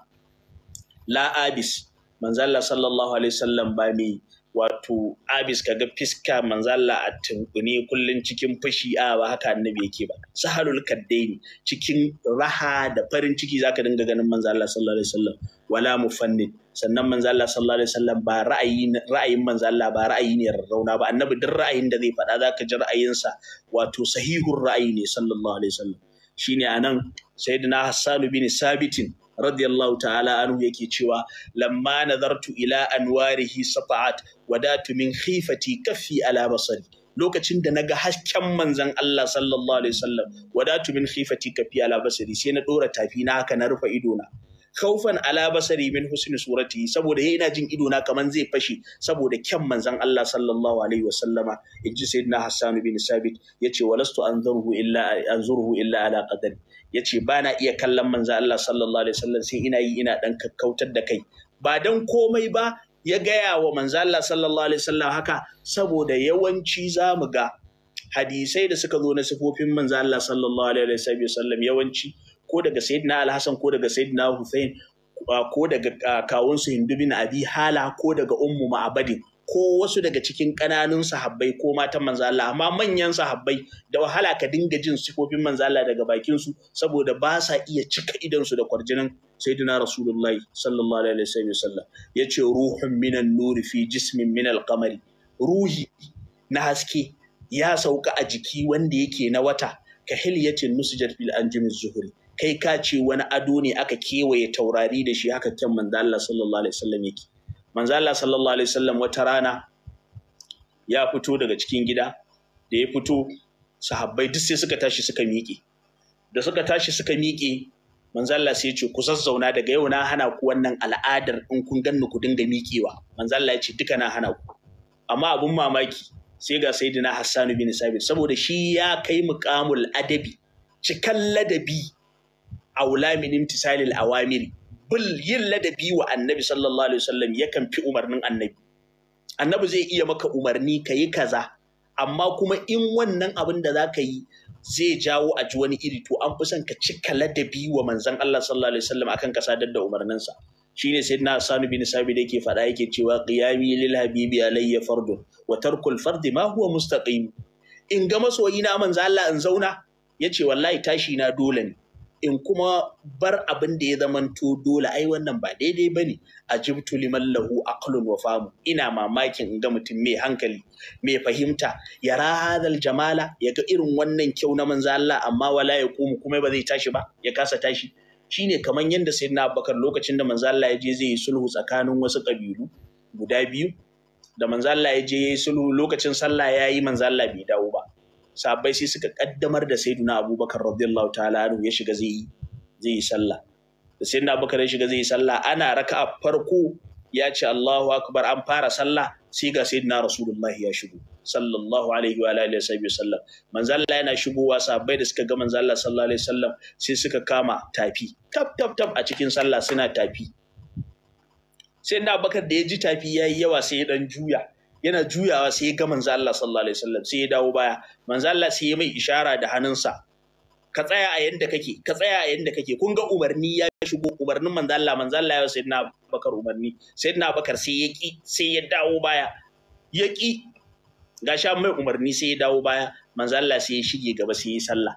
la abis manzo Allah sallallahu alaihi wasallam ba mai wato abis kaga fiska Allah a tunkune kullun cikin fashi a ba haka annabi yake ba saharul kaddaini cikin raha da farin ciki zaka dinga ganin Allah sallallahu alaihi wasallam wala mufannin sannan manzo Allah sallallahu alaihi wasallam ba ra'ayi ra'ayin manzo Allah ba ra'ayi ne rauna ba annabi duk ra'ayin da zai faɗa zaka ji ra'ayinsa wato sahihun ra'ayi ne sallallahu alaihi wasallam shine anan sayyidina Hassan bin Sabitin radiyallahu ta'ala anhu yake cewa lamma nazartu ila anwarihi sata'at wadatu min khifati kaffi ala basari lokacin da naga hasken manzon Allah sallallahu alaihi wasallam wadatu min khifati kaffi ala basari sai na dora tafi na haka na rufe idona. kaufan ala basari min husni surati saboda ya ina jin ido na kaman zai fashe saboda kyan manzon Allah sallallahu alaihi sallama, inji sayyidina Hassan bin Sabit yace walastu anzuruhu illa anzuruhu illa ala qadari yace bana iya kallon manzon Allah sallallahu alaihi sallam sai ina yi ina dan kakkautar da kai ba dan komai ba ya gaya wa manzo Allah sallallahu alaihi sallam haka saboda yawanci zamu ga hadisai da suka zo na sifofin manzo Allah sallallahu alaihi wasallam yawanci ko daga sayyidina alhassan ko daga sayyidina hussein uh, ko daga uh, kawunsu hindu bin abi hala ko daga ummu ma'abadin ko wasu daga cikin ƙananun sahabbai ko matan manzo Allah amma manyan sahabbai da wahala ka dinga jin sifofin manzo Allah daga bakin su saboda ba sa iya cika idan su da kwarjinin sayyidina rasulullahi sallallahu alaihi wasallam yace ruhun minan nuri fi jismin min qamari ruhi na haske ya sauka a jiki wanda yake na wata ka hilyatin musjar fil anjumi zuhuri kai ka ce wani ado ne aka kewaye taurari da shi haka kyan manzo Allah sallallahu alaihi wasallam yake manzo Allah sallallahu alaihi wasallam wata rana ya fito daga cikin gida da ya fito sahabbai duk sai suka tashi suka miƙe da suka tashi suka miƙe manzo Allah sai ya ce ku zazzauna daga yau na hana ku wannan al'adar in kun ganni ku dinga miƙewa manzo Allah ya ce duka na hana ku amma abun mamaki sai ga sayyidina Hassan bin Sabit saboda shi ya kai muqamul adabi cikan ladabi aula imtisalil awamiri bil yin ladabi wa annabi sallallahu alaihi wasallam yakan fi umarnin annabi annabi zai iya maka umarni ka yi kaza amma kuma in wannan abin da za ka yi zai jawo a ji wani iri to an fi son ka cika ladabi wa manzon Allah sallallahu alaihi wasallam akan ka sadar da umarninsa shine sayyidina Sanu bin Sabi da yake faɗa yake cewa qiyami lil habibi alayya fardun wa tarkul fardi ma huwa mustaqim in ga masoyina manzo Allah in zauna yace wallahi tashi na dole ne in kuma bar abin da ya zamanto dole ai wannan ba daidai ba ne a jibtu liman lahu aqlun wa famu ina mamakin in ga mutum mai hankali mai fahimta ya hadal jamala ya ga irin wannan kyau na manzo Allah amma wala ya komu kuma ba zai tashi ba ya kasa tashi shine kamar yanda sayyidina Abubakar lokacin da manzo Allah ya je zai yi sulhu tsakanin wasu kabilu guda biyu da manzo Allah ya je yi sulhu lokacin sallah yayi manzo Allah bai dawo ba sahabbai sai suka kaddamar da sayyiduna abubakar radiyallahu ta'ala anhu ya shiga zai zai yi sallah da sayyiduna abubakar ya shiga zai yi sallah ana raka'a farko ya ce Allahu akbar an fara sallah sai ga sayyiduna rasulullahi ya shigo sallallahu alaihi wa alihi wa sallam manzo Allah yana shigowa sahabbai da suka ga manzo Allah sallallahu alaihi wasallam sai suka kama tafi tap tap tap a cikin sallah suna tafi sai Abubakar da ya ji tafi ya yi yawa sai ya dan juya yana juyawa sai ya ga manzo Allah sallallahu alaihi wasallam sai ya dawo baya manzo Allah sai ya mai ishara da hannunsa ka tsaya a yanda kake ka tsaya a yanda kake kun ga umarni ya shigo umarnin manzo Allah manzo Allah ya sayyidina Abubakar umarni sayyidina Abubakar sai ya ki sai ya dawo baya ya ki gashi mai umarni sai ya dawo baya manzo Allah sai ya shige gaba sai ya sallah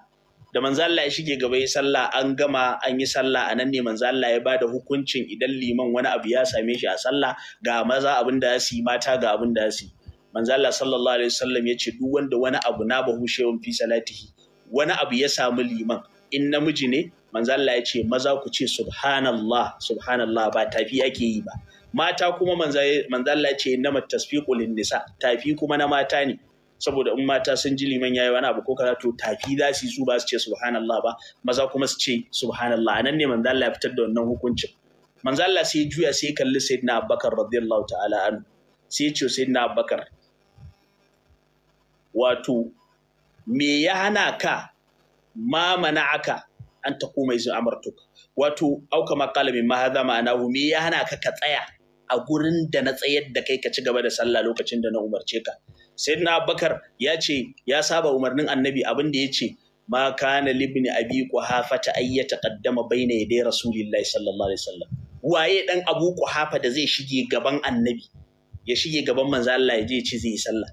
da manzo Allah ya shige gaba yi sallah an gama an yi sallah anan ne manzo Allah ya bada hukuncin idan liman wani abu ya same shi a sallah ga maza abin da su mata ga abin da su manzo Allah sallallahu alaihi wasallam ya ce duk wanda wani abu na bahu shewun fi salatihi wani abu ya samu liman in namiji ne manzo Allah ya ce maza ku ce subhanallah subhanallah ba tafi ake yi ba mata kuma manzo Allah ya ce inna tasfiqu nisa tafi kuma na mata ne saboda in mata sun ji liman yayi wani abu ko kaza to tafi za su yi su ba su ce subhanallah ba maza kuma su ce subhanallah anan ne manzo Allah ya fitar da wannan hukuncin manzo Allah sai juya sai kalli sayyidina Abubakar radiyallahu ta'ala an sai ya ce sayyidina Abubakar wato me ya hana ka ma aka an koma izin amartuka wato auka makala min mahaza ma'anahu me ya hana ka ka tsaya a gurin da na tsayar da kai ka ci gaba da sallah lokacin da na umarce ka sayyidina abubakar ya ce ya saba umarnin annabi abin da ya ce ma kana libni abi quhafa ta ayya taqaddama baina yaday rasulillahi sallallahu alaihi wasallam waye dan abu quhafa da zai shige gaban annabi ya shige gaban manzo Allah ya je ya ce zai yi sallah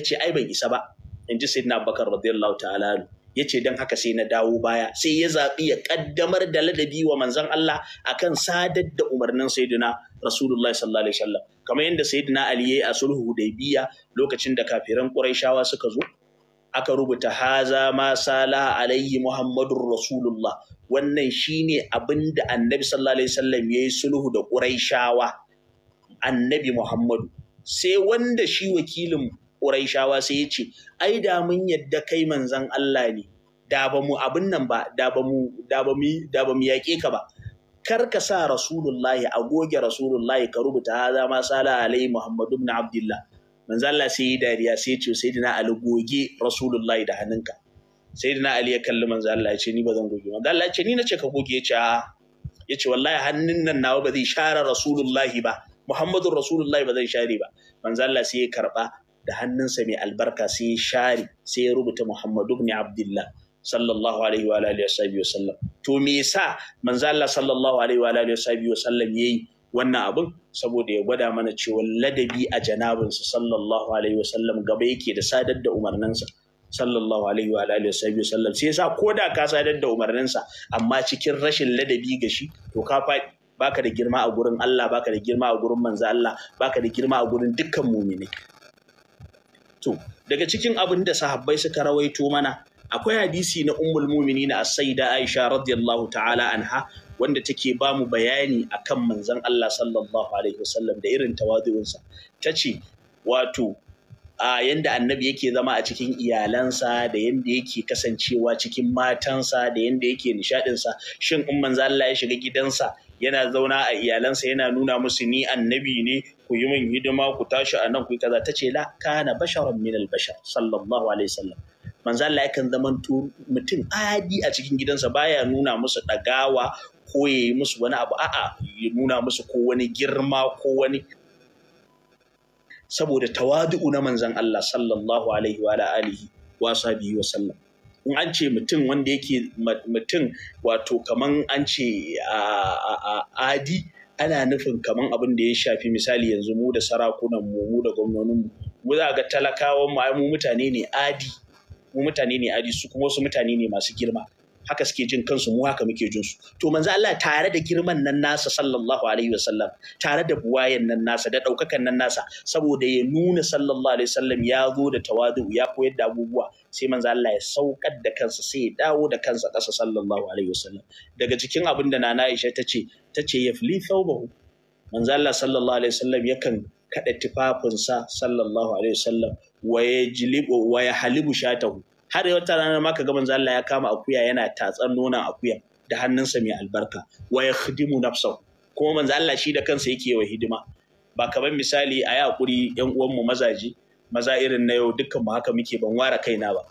ce ai ban isa ba inji sayyidina abubakar radiyallahu ta'ala ce dan haka sai na dawo baya sai ya zabi ya kaddamar da ladabi wa manzon Allah akan sadar da umarnin sayyidina rasulullahi sallallahu alaihi wasallam kamar yadda sayyidina ali yayi a sulhu hudaybiya lokacin da kafiran quraishawa suka zo aka rubuta haza ma sala alayhi muhammadur rasulullah wannan shine abin da annabi sallallahu alaihi wasallam yayi sulhu da quraishawa annabi muhammadu sai wanda shi wakilin quraishawa sai ya ce ai da mun yadda kai manzon Allah ne da ba mu abin nan ba da ba mu da ba mu da ba mu yaƙe ka ba kar ka sa rasulullahi a goge rasulullahi ka rubuta haza ma sala alai muhammadu ibn abdullah manzo sai yi dariya sai ce sayyidina ali goge rasulullahi da hannunka sayyidina ali ya kalli manzo ya ce ni ba zan goge manzo ya ce ni nace ka goge ya ce ah. ya ce wallahi hannun nan nawa ba zai share rasulullahi ba muhammadun rasulullahi ba zai share ba manzalla sai ya karba da hannunsa mai albarka sai ya share sai ya rubuta muhammadu ibn abdullah sallallahu alaihi wa alihi wa sallam to me yasa manzo Allah sallallahu alaihi wa alihi wa sallam yayi wannan abun saboda ya gwada mana cewa ladabi a sa sallallahu alaihi wa sallam gaba yake da sadar da umarninsa sallallahu alaihi wa alihi wa sallam sai yasa koda ka sadar da umarninsa amma cikin rashin ladabi ga shi to ka fa baka da girma a gurin Allah baka da girma a gurin manzo Allah baka da girma a gurin dukkan mu'mini to daga cikin abin da sahabbai suka rawaito mana akwai hadisi na ummul mumini na asaida Aisha radiyallahu ta'ala anha wanda take ba mu bayani akan manzon Allah sallallahu alaihi wasallam da irin tawazu'unsa tace wato a yanda annabi yake zama a cikin iyalansa da yanda yake kasancewa cikin matansa da yanda yake nishadinsa shin in manzo Allah ya shiga gidansa yana zauna a iyalansa yana nuna musu ni annabi ne ku yi min hidima ku tashi a nan ku yi kaza tace la kana basharan min al-bashar sallallahu alaihi wasallam manzo Allah yakan zamanto mutum adi a cikin gidansa baya nuna musu dagawa ko ya yi musu wani abu a'a ya nuna musu ko wani girma ko wani saboda tawadu'u na manzon Allah sallallahu alaihi wa alihi wa sahbihi wa sallam in an ce mutum wanda yake mutum wato kaman an ce adi ana nufin kaman abin da ya shafi misali yanzu mu da sarakunan mu mu da gwamnonin mu mu za ga talakawan mu mu mutane ne adi mu mutane ne ari su kuma wasu mutane ne masu girma haka suke jin kansu mu haka muke jin su to manzo Allah tare da girman nan nasa sallallahu alaihi wasallam tare da buwayen nan nasa da daukakan nan nasa saboda ya nuna sallallahu alaihi wasallam ya zo da tawadu ya koyar da abubuwa sai manzo Allah ya saukar da kansa sai ya dawo da kansa kasa sallallahu alaihi wasallam daga cikin abin da nana Aisha tace tace yafli thawbahu manzo Allah sallallahu alaihi wasallam yakan kaɗa tufafinsa sallallahu alaihi wasallam wa yajlibu wa yahlibu shatahu har yau ta ranar maka gaban zalla ya kama akuya yana tatsan nonon akuya da hannunsa mai albarka wa hidimu nafsahu kuma manza Allah shi da kansa yake wa hidima ba kamar misali a yi hakuri yan uwanmu mazaje, mazaji maza irin na yau dukkan mu haka muke ban ware kaina ba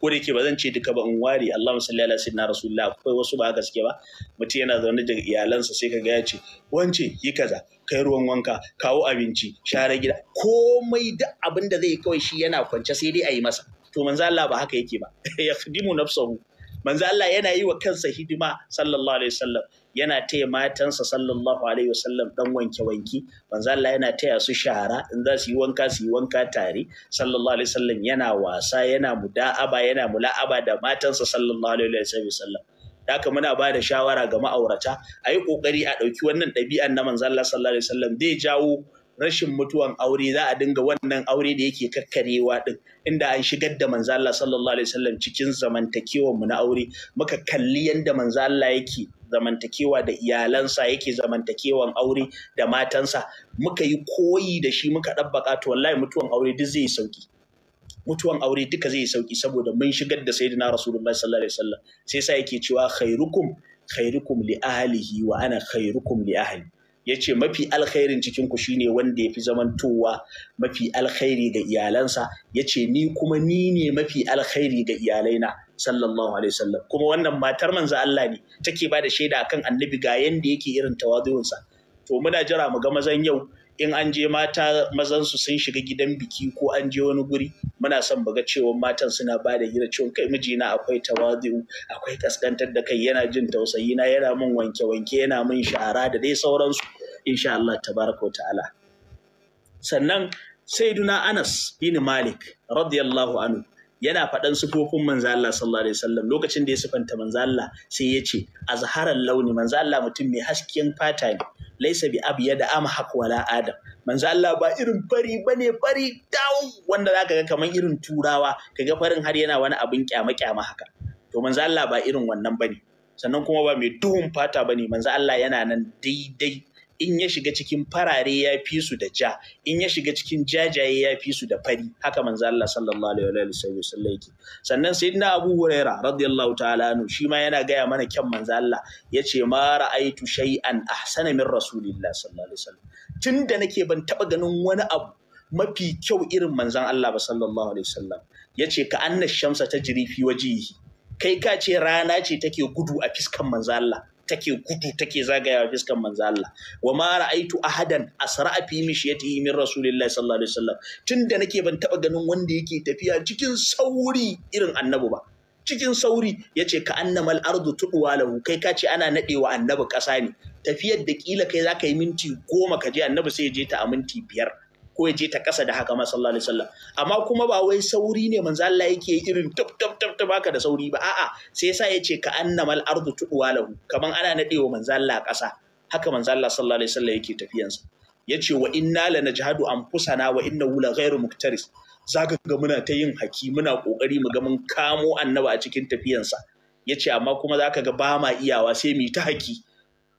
ko da yake ba zan ce duka ba in ware Allahumma salli ala sayyidina rasulullah akwai wasu ba haka suke ba mutum yana zaune da iyalansa sai ka ga ya ce wance yi kaza kai ruwan wanka kawo abinci share gida komai duk abin da zai kawai shi yana kwance sai dai a yi masa to manzo Allah ba haka yake ba ya fidimu nafsahu manzo Allah yana yi wa kansa hidima sallallahu alaihi wasallam yana taya matansa sallallahu alaihi wasallam dan wanke wanki manzo Allah yana taya su shara in za su yi wanka su yi wanka tare sallallahu alaihi wasallam yana wasa yana muda'aba yana mula'aba da matansa sallallahu alaihi wasallam haka muna ba da shawara ga ma'aurata a yi ƙoƙari a ɗauki wannan ɗabi'an na manzo Allah sallallahu alaihi wasallam zai jawo rashin mutuwan aure za a dinga wannan aure da yake kakkarewa din inda an shigar da manzo Allah sallallahu alaihi wasallam cikin zamantakewar mu na aure muka kalli yanda manzo Allah yake zamantakewa da iyalansa yake zamantakewan aure da matansa muka yi koyi da shi muka ɗabbaka to wallahi mutuwan aure duk zai sauki mutuwan aure duka zai sauki saboda mun shigar da sayyidina rasulullahi sallallahu alaihi wasallam sai sa yake cewa khairukum khairukum li ahlihi wa ana khairukum li ahli ya ce mafi alkhairin cikinku shine wanda ya fi zamantowa mafi alkhairi ga iyalansa ya ce ni kuma ni ne mafi alkhairi ga iyalaina sallallahu alaihi wasallam kuma wannan matar manzo Allah ne take ba da shaida akan annabi ga yanda yake irin tawazu'unsa to muna jira mu ga mazan yau in an je mata mazan su sun shiga gidan biki ko an je wani guri muna son ga cewa matan suna ba da hira cewa kai mijina akwai tawazu akwai kaskantar da kai yana jin tausayi na yana min wanke wanke yana min shara da dai sauransu insha Allah tabaraka wa ta'ala sannan sayyiduna Anas bin Malik radiyallahu anhu yana faɗan sufofin manzo Allah sallallahu alaihi wasallam lokacin da ya sufanta manzo Allah sai ya ce azharal launi manzo Allah mutum mai hasken fata ne laisa bi abu da am haq wala adam manzo Allah ba irin fari bane fari down wanda zaka ga kaman irin turawa ka ga farin har yana wani abin kyama kyama haka to manzo Allah ba irin wannan bane sannan kuma ba mai duhun fata bane manzo Allah yana nan daidai in ya shiga cikin farare ya fi su da ja in ya shiga cikin jajaye ya fi su da fari haka manzo Allah sallallahu alaihi wa sallam yake sannan sayyidina Abu Huraira radiyallahu ta'ala anhu shi ma yana gaya mana kyan manzo Allah yace ma ra'aitu shay'an ahsana min rasulillah sallallahu alaihi wasallam tunda nake ban taba ganin wani abu mafi kyau irin manzon Allah ba sallallahu alaihi wasallam yace ka annash shamsa tajri fi wajihi kai ka ce rana ce take gudu a fiskan manzo Allah take gudu take zagayawa fiskan manzo Allah wa ma ra'aitu ahadan asra'a fi mishiyatihi min rasulillahi sallallahu alaihi wasallam tunda nake ban taba ganin wanda yake tafiya cikin sauri irin annabi ba cikin sauri yace ka annamal ardu tudwa lahu kai ka ce ana nade wa annabi kasa ne tafiyar da kila kai zaka yi minti goma ka je annabi sai ya je ta a minti biyar ko ya je ta ƙasa da haka ma alaihi amma kuma ba wai sauri ne manzo Allah yake irin tuf tuf tuf tuf haka da sauri ba a'a sai yasa ce ka annamal ardu tudwa lahu kaman ana nadewa manzo Allah ƙasa. haka manzo Allah sallallahu alaihi wasallam yake tafiyansa yace wa inna lanajhadu anfusana wa inna la ghairu muktaris zaka ga muna ta yin haki muna kokari mu ga mun kamo annaba a cikin tafiyansa yace amma kuma zaka ga ba ma iyawa sai mu yi ta haki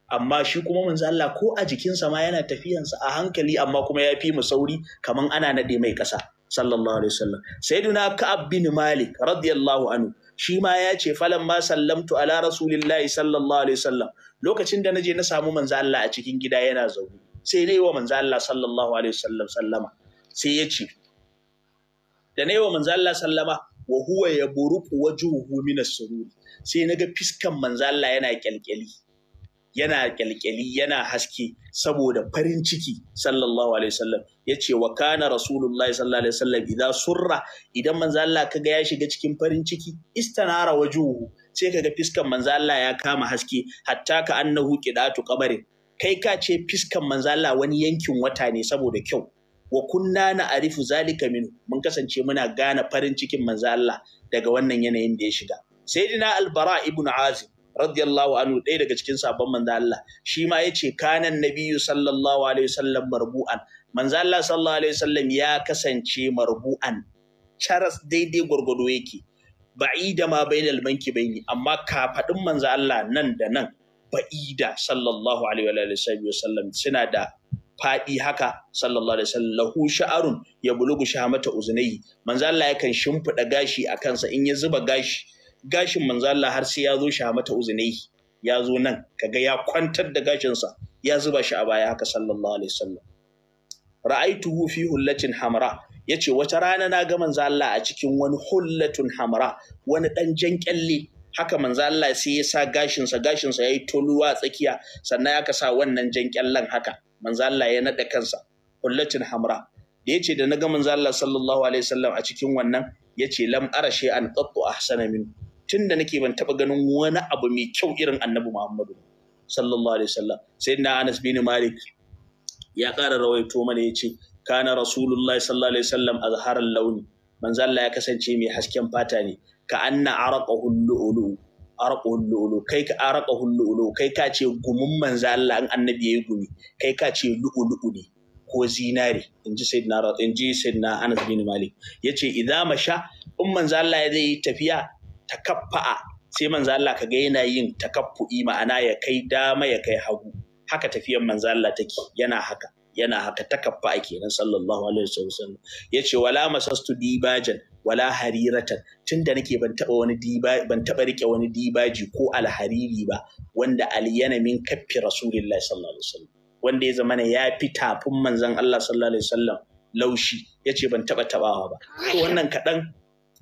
amma shi kuma mun Allah ko a jikinsa ma yana tafiyansa a hankali amma kuma ya fi mu sauri kaman ana naɗe mai ƙasa sallallahu alaihi wasallam duna ka'ab bin malik radiyallahu anhu shi ma ya ce falan ma sallamtu ala rasulillahi sallallahu alaihi wasallam lokacin da naje na samu manzo Allah a cikin gida yana zaune sai nayi wa manzo Allah sallallahu alaihi wasallam sallama sai ya ce da yi wa manzo Allah sallama wa huwa yaburuqu wajuhu min as sururi sai naga fiskan manzo Allah yana kyalkyali yana kyalkyali yana haske saboda farin ciki sallallahu alaihi wasallam yace wa kana rasulullahi sallallahu alaihi wasallam idan surra idan manzo Allah kaga ya shiga cikin farin ciki istanara wajuhu sai kaga fiskan manzo Allah ya kama haske hatta ka annahu qidatu qabarin kai ka ce fiskan manzo Allah wani yankin wata ne saboda kyau wa kunna na arifu zalika min mun kasance muna gane farin cikin manzo Allah daga wannan yanayin da ya shiga sayyidina albara ibnu Azim. radiyallahu anhu ɗaya daga cikin sabon manzo Allah shi ma ya yace kanan nabiyyu sallallahu alaihi wasallam marbu'an manzo Allah sallallahu alaihi wasallam ya kasance marbu'an charas daidai gwargwado yake ba'ida ma bainal banki baini amma kafadin manzo Allah nan da nan ba'ida sallallahu alaihi wa sallam suna da faɗi haka sallallahu alaihi wasallam lahu sha'arun ya bulugu shahamata uzunai manzo Allah yakan shimfiɗa gashi a kansa in ya zuba gashi gashin manzo Allah har sai ya zo shi mata uzunai ya zo nan kaga ya kwantar da gashinsa ya zuba shi a baya haka sallallahu alaihi wasallam ra'aituhu fi hullatin hamra yace wata rana na ga manzo Allah a cikin wani hullatun hamra wani dan jan kyalle haka manzo Allah sai ya sa gashinsa gashinsa yayi toluwa tsakiya sannan ya sa wannan jan kyallen haka manzo Allah ya nada kansa hullatin hamra da yace da na ga manzo Allah sallallahu alaihi wasallam a cikin wannan yace lam ara an qattu ahsana minhu tun da nake ban taɓa ganin wani abu mai kyau irin annabi Muhammadu sallallahu alaihi wasallam sai na Anas bin Malik ya ƙara rawaito mana ya ce kana rasulullahi sallallahu alaihi wasallam azharar launi manzo Allah ya kasance mai hasken fata ne ka anna araqahu lu'lu arqahu lu'lu kai ka araqahu lu'lu kai ka ce gumin manzo Allah in annabi yayi gumi kai ka ce lu'lu'u ne ko zinare inji sayyidina inji sayyidina Anas bin Malik yace idza masha in manzo Allah ya zai tafiya takaffa'a sai manzo Allah ka ga yana yin takaffu'i ma'ana ya kai dama ya kai hagu haka tafiyan manzo Allah take yana haka yana haka takaffa'a kenan sallallahu alaihi wasallam yace wala masastu dibajan wala hariratan tunda nake ban taba wani diba ban taba rike wani dibaji ko alhariri ba wanda aliyana min kaffi rasulullahi sallallahu alaihi wasallam wanda ya zamana ya fi tafin manzon Allah sallallahu alaihi wasallam laushi yace ban taba tabawa ba to wannan kadan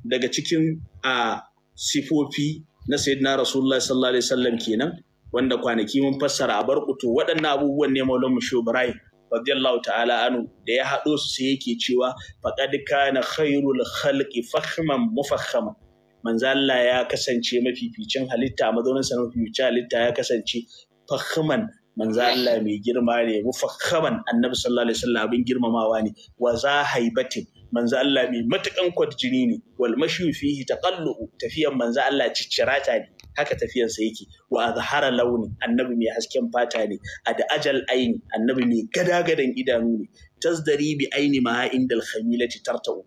daga cikin a ah, sifofi na sayyidina rasulullahi sallallahu alaihi wasallam kenan wanda kwanaki mun fassara a barkutu waɗannan abubuwan ne maulan mu shubrahim radiyallahu ta'ala anu da ya haɗo su sai yake cewa faqad kana khairul khalqi fakhman mufakhama manzo Allah ya kasance mafificin halitta mazaunin sa mafificin halitta ya kasance fakhman manzo Allah mai girma ne mufakhaman annabi sallallahu alaihi wasallam abin girmamawa ne wa za haibatin manzo Allah mai matukan kwarjini ne wal mashu fihi taqallu tafiyan manzo Allah ciccirata ne haka tafiyan sa yake wa azhara launi annabi mai hasken fata ne ad ajal aini annabi mai gada gadagadan idanu ne tasdari bi aini ma indal khamilati tartau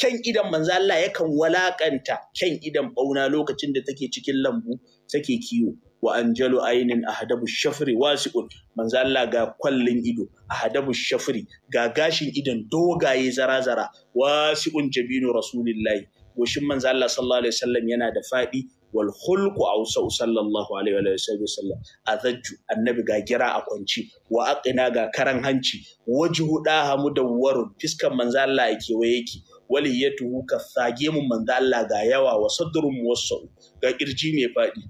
kyan idan manzo Allah yakan walakanta kyan idan bauna lokacin da take cikin lambu take kiwo wa anjalu ainin ahadabu shafri wasi'un manzo Allah ga kwallin ido ahadabu shafri ga gashin idon dogaye zara-zara wasi'un jabinu rasulillahi goshin manzo Allah sallallahu alaihi wasallam yana da fadi wal khulqu a sallallahu alaihi wa sallam azajju annabi ga gira a kwanci wa aqina ga karan hanci wajhu daha mudawwarun fiskan manzo Allah yake waye yake waliyatuhu ka sage mun manzo Allah ga yawa wa sadrun muwassau ga kirji mai fadi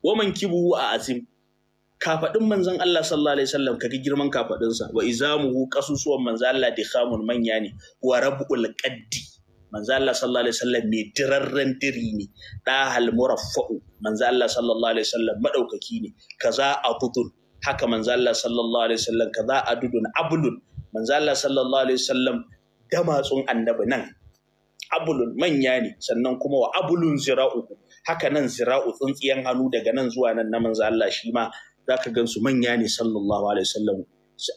waman kibu a azim kafadin manzon Allah sallallahu alaihi wasallam kaga girman sa wa izamuhu kasusuwan manzon Allah dikhamun manya ne wa rabul qaddi manzon Allah sallallahu alaihi wasallam mai dirarren diri ne dahal muraffa'u manzon Allah sallallahu alaihi wasallam madaukaki ne kaza atutun haka manzon Allah sallallahu alaihi wasallam kaza adudun abulun manzon Allah sallallahu alaihi wasallam damatsun annabi nan abulun manya ne sannan kuma wa abulun zira'u haka nan zira'u tsintsiyan hannu daga nan zuwa nan na manzo Allah shi ma zaka gansu manya ne sallallahu alaihi wasallam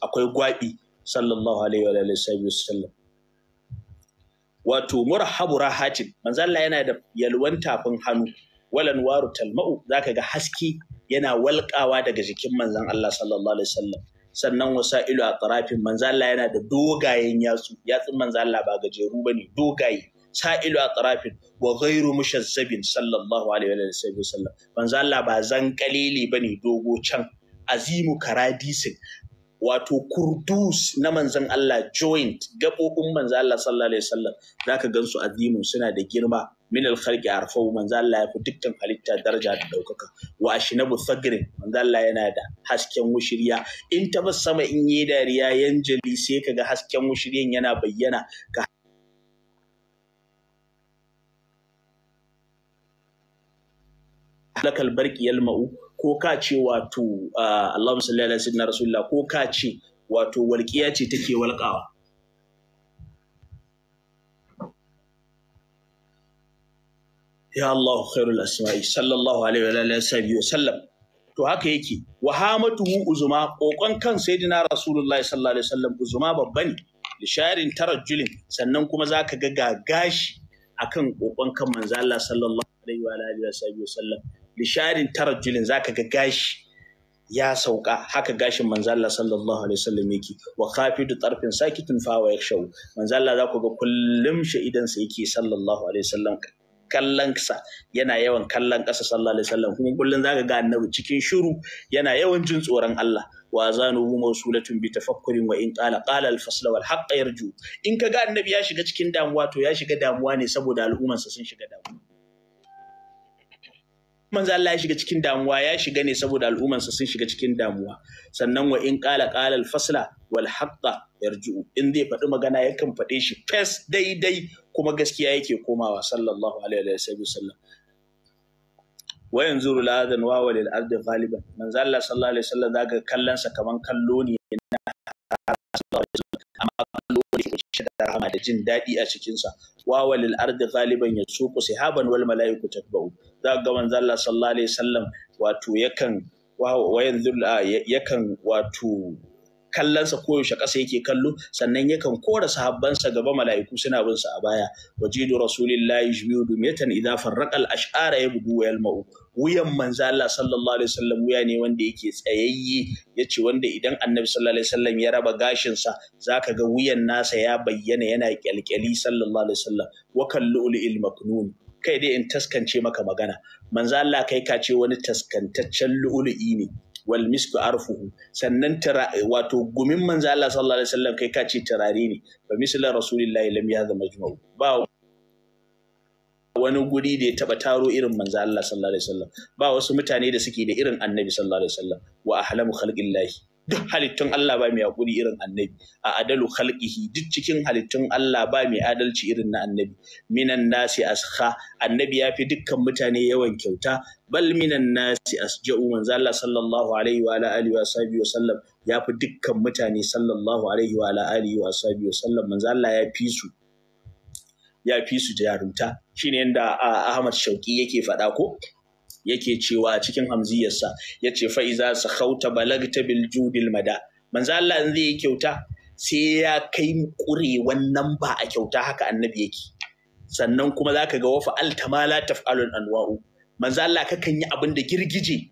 akwai gwabi sallallahu alaihi wa sallam wato murhabu rahatin manzo Allah yana da yalwan tafin hannu walan waru talma'u zaka ga haski yana walƙawa daga jikin manzon Allah sallallahu alaihi wasallam sannan wasa'ilu a tarafin manzo Allah yana da dogayen yatsu yatsun manzo ba gajeru bane dogaye sa'ilu atrafin wa ghairu mushazzabin sallallahu alaihi wa sallam banza Allah ba zan kalili bane dogo can azimu karadisin wato kurdus na manzan Allah joint gaɓoɓin manzan Allah sallallahu alaihi ka zaka gansu azimu suna da girma min alkhalqi arfau manzan Allah ya fi dukkan halitta daraja da daukaka wa ashnabu thagrin manzan Allah yana da hasken wushiriya in ta sama in yi dariya yan yanjali sai kaga hasken wushiriyan yana bayyana ka lakal barki yalma'u ko ka ce wato Allahumma salli ala sayyidina rasulullah ko ka ce wato walƙiya ce take walƙawa ya Allah khairul asma'i sallallahu alaihi wa alihi wa sallam to haka yake wa hamatuhu uzuma kokon kan sayyidina rasulullah sallallahu alaihi sallam uzuma babban ne da sharin tarajjulin sannan kuma zaka ga gashi akan kokon kan manzo Allah sallallahu alaihi wa alihi wa sallam lisharin tarajjulin zaka ga gashi ya sauka haka gashin manzalla sallallahu alaihi wasallam yake wa khafidu tarfin sakitun fa wa yakshaw manzalla za ku ga kullum shi idan sa yake sallallahu alaihi wasallam kallon sa yana yawan kallon ƙasa sallallahu alaihi wasallam kuma kullum zaka ga annabi cikin shiru yana yawan jin tsoron Allah wa zanuhu mawsulatun bi tafakkurin wa in qala qala al fasla wal haqq yarju in annabi ya shiga cikin damuwa to ya shiga damuwa ne saboda al'ummar sa sun shiga damuwa manzo Allah ya shiga cikin damuwa ya shiga ne saboda al'ummarsa sun shiga cikin damuwa sannan wa in qala qala al-fasla wal haqqa yarji'u in zai faɗi magana ya kan faɗe shi fes daidai kuma gaskiya yake komawa sallallahu alaihi wa sallam wa yanzuru la adan wa walil ardi ghaliban manzo Allah sallallahu alaihi wasallam zaka kallon sa kaman kallo ne na amma kallo ne ke shi da rahama da jin daɗi a cikin sa wa walil ardi ghaliban yasuqu sihaban wal malaiku tatba'u za ga manzo Allah sallallahu alaihi wasallam wato yakan yanzu yakan wato kallonsa koyaushe ƙasa yake kallo sannan yakan kora sahabbansa gaba mala'iku suna bin sa a baya wajidu rasulillahi jubidu metan idza farraqa al-ash'ara yabdu wa yalma'u wuyan manzo Allah sallallahu alaihi wasallam wuya ne wanda yake tsayayye yace wanda idan annabi sallallahu alaihi wasallam ya raba gashin sa zaka ga wuyan nasa ya bayyana yana kyalkyali sallallahu alaihi wasallam wa kallu maknun kai dai in taskance maka magana manzo Allah kai ka ce wani taskantaccen lu'ulu'i ne wal misku arfuhu sannan wato gumin manzo Allah sallallahu alaihi wasallam kai ka ce turare ne fa misla rasulillahi lam yahza majma'u ba wani guri da ya taba taro irin manzo Allah sallallahu alaihi wasallam ba wasu mutane da suke da irin annabi sallallahu alaihi wasallam wa ahlamu khalqillahi duk halittun Allah ba mai haƙuri irin annabi a adalu khalqihi duk cikin halittun Allah ba mai adalci irin na annabi minan nasi asha annabi ya fi dukkan mutane yawan kyauta bal minan nasi asja'u manzo Allah sallallahu alaihi wa ala alihi wa sahbihi wa sallam ya fi dukkan mutane sallallahu alaihi wa ala alihi wa sahbihi wa sallam manzo Allah ya fi su ya fi su jarumta shine yanda ah, Ahmad Shauki yake faɗa ko yake cewa cikin hamziyarsa ya ce fa'iza su hauta balagta bil judil mada manzo Allah in zai yi kyauta sai ya kai ƙurewan wannan ba a kyauta haka annabi yake sannan kuma za ka ga wafa altamala taf'alun anwa'u manzo Allah kakan yi abin da girgije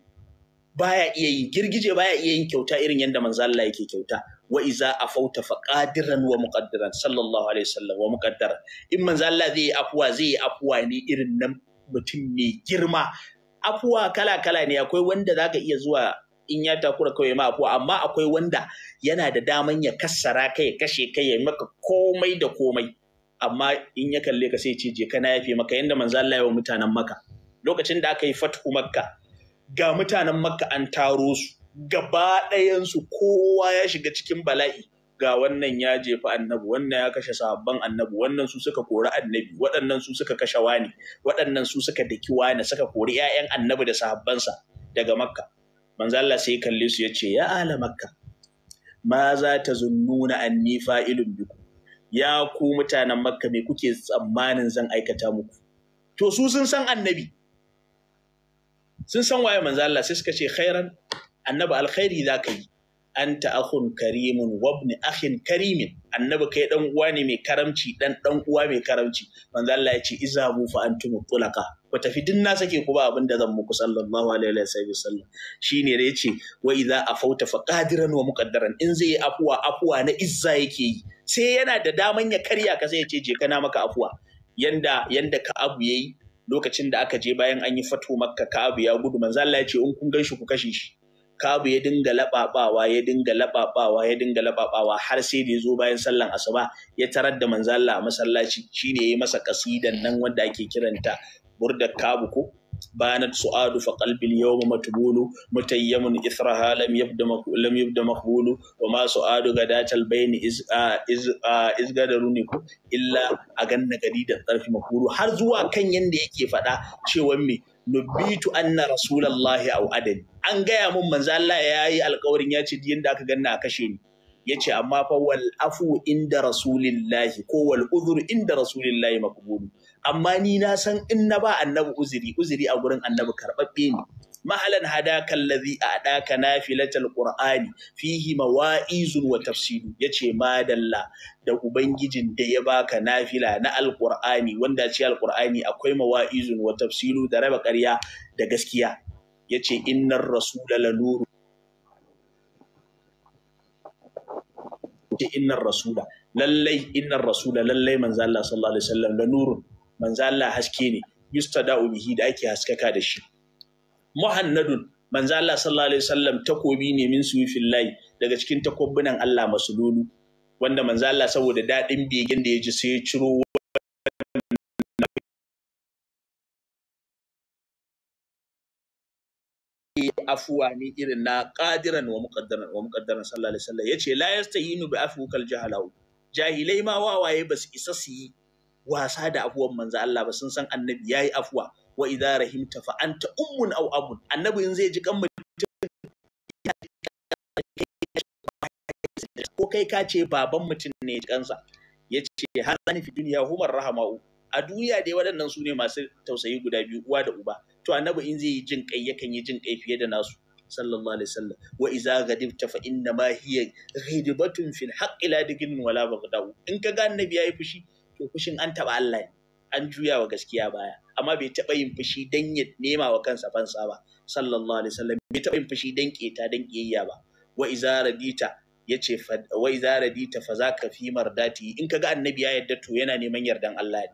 baya iya yi girgije baya iya yin kyauta irin yadda manzo Allah yake kyauta wa iza afauta fa qadiran wa muqaddaran sallallahu alaihi wasallam wa muqaddaran in manzo Allah zai yi afuwa zai yi afuwa ne irin nan mutum mai girma afuwa kala-kala ne akwai wanda zaka iya zuwa in ya takura kawai ma afuwa amma akwai wanda yana da daman ya kassara kai ya kashe kai ya maka komai da komai amma in ya kalle ka sai ce je kana yafe maka yanda manzo Allah ya wa mutanen Makka lokacin da aka yi fatu Makka ga mutanen Makka an taro su gaba ɗayan su kowa ya shiga cikin bala'i ga wannan ya jefa annabi wannan ya kashe sahabban annabi wannan su suka kori annabi waɗannan su suka kashe wani waɗannan su suka daki wani suka kori 'ya'yan annabi da sahabbansa daga makka manzo Allah sai kalle su yace ya ala makka ma za ta zununa anni fa'ilun biku ya ku mutanen makka me kuke tsammanin zan aikata muku to su sun san annabi sun san waye manzo Allah sai suka ce khairan annabi alkhairi za ka yi anta akhun karimun wabni akhin karimin annabi kai dan uwa ne mai karamci dan dan uwa mai karamci manzo Allah ya ce izabu fa antum tulaqa ku tafi din na sake ku ba abin da zan muku sallallahu alaihi wa sallam shine da yace wa idza afauta fa qadiran wa muqaddaran in zai afuwa afuwa na izza yake yi sai yana da daman ya karya ka sai ya ce je kana maka afuwa yanda yanda ka abu yayi lokacin da aka je bayan an yi fatu makka ka abu ya gudu manzo Allah ya in kun ganshi ku kashe shi kabu ya dinga laɓaɓawa ya dinga laɓaɓawa ya dinga laɓaɓawa har sai da ya zo bayan sallan asuba ya tarar da manzo a masallaci shine yayi masa kasidan nan wanda ake kiranta burda kabu ko matbulu mutayyamun ithraha lam yabda متيم إثرها لم يبد لم يبد مقبول وما سؤال iz iz إذ إذ إذ illa إلا gadi da tsarfi مقبول har zuwa kan yanda yake faɗa cewa me nubitu anna rasulallahi au adad an gaya mun manzo Allah yi alƙawarin ya ce da aka ganna a kashe ni yace amma fa wal afu inda rasulillahi ko wal uzur inda rasulillahi maqbul amma ni na san in na ba annabi uzuri uzuri a gurin annabi karɓaɓɓe ne mahalan hadaka allazi adaka nafilatal qur'ani fihi mawa'izun wa tafsilu yace madalla da ubangijin da ya baka nafila na Alƙur'ani, wanda ce Alƙur'ani akwai mawa'izun wa tafsiru da raba ƙarya da gaskiya yace innar rasula lanuru innar rasula lallai innar rasula lallai manzo Allah sallallahu alaihi wasallam lanurun manzo Allah haske ne yustada'u bihi da ake haskaka da shi muhannadun manzo Allah sallallahu alaihi wasallam takobi ne min fillahi daga cikin takobbinan Allah lulu wanda manzo Allah saboda dadin begen da ya ji sai ya ciro afuwa ne irin na qadiran wa muqaddaran wa muqaddaran sallallahu alaihi wasallam yace la yastahinu bi afwikal jahalau jahilai ma wawaye basu isa su yi wasa da afuwan manzo Allah ba sun san annabi yayi afuwa wa idza rahimta fa anta ummun aw abun annabi in zai ji kan ko kai ka ce baban mutum ne kansa ya ce har zani fi duniya humar rahama'u a duniya dai waɗannan su ne masu tausayi guda biyu uwa da uba to annabi in zai yi jin kai yakan yi jin kai fiye da nasu sallallahu alaihi wasallam wa iza ghadibta fa inna ma hiya ghidibatun fil haqqi la digin wala baghdau in ka ga annabi yayi fushi to fushin an taba Allah ne an juya wa gaskiya baya amma bai taɓa yin fushi don ya nema wa kansa fansa ba sallallahu alaihi wasallam bai taɓa yin fushi don keta don kiyayya ba wa dita radita ce wa izara dita fa zaka fi mardati in ka ga annabi ya yadda to yana neman yardan Allah ne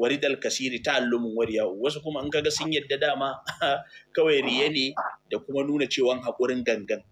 waridal kasiri allumin wariya wasu kuma in kaga sun yadda dama kawai riye ne da kuma nuna cewa hakurin gangan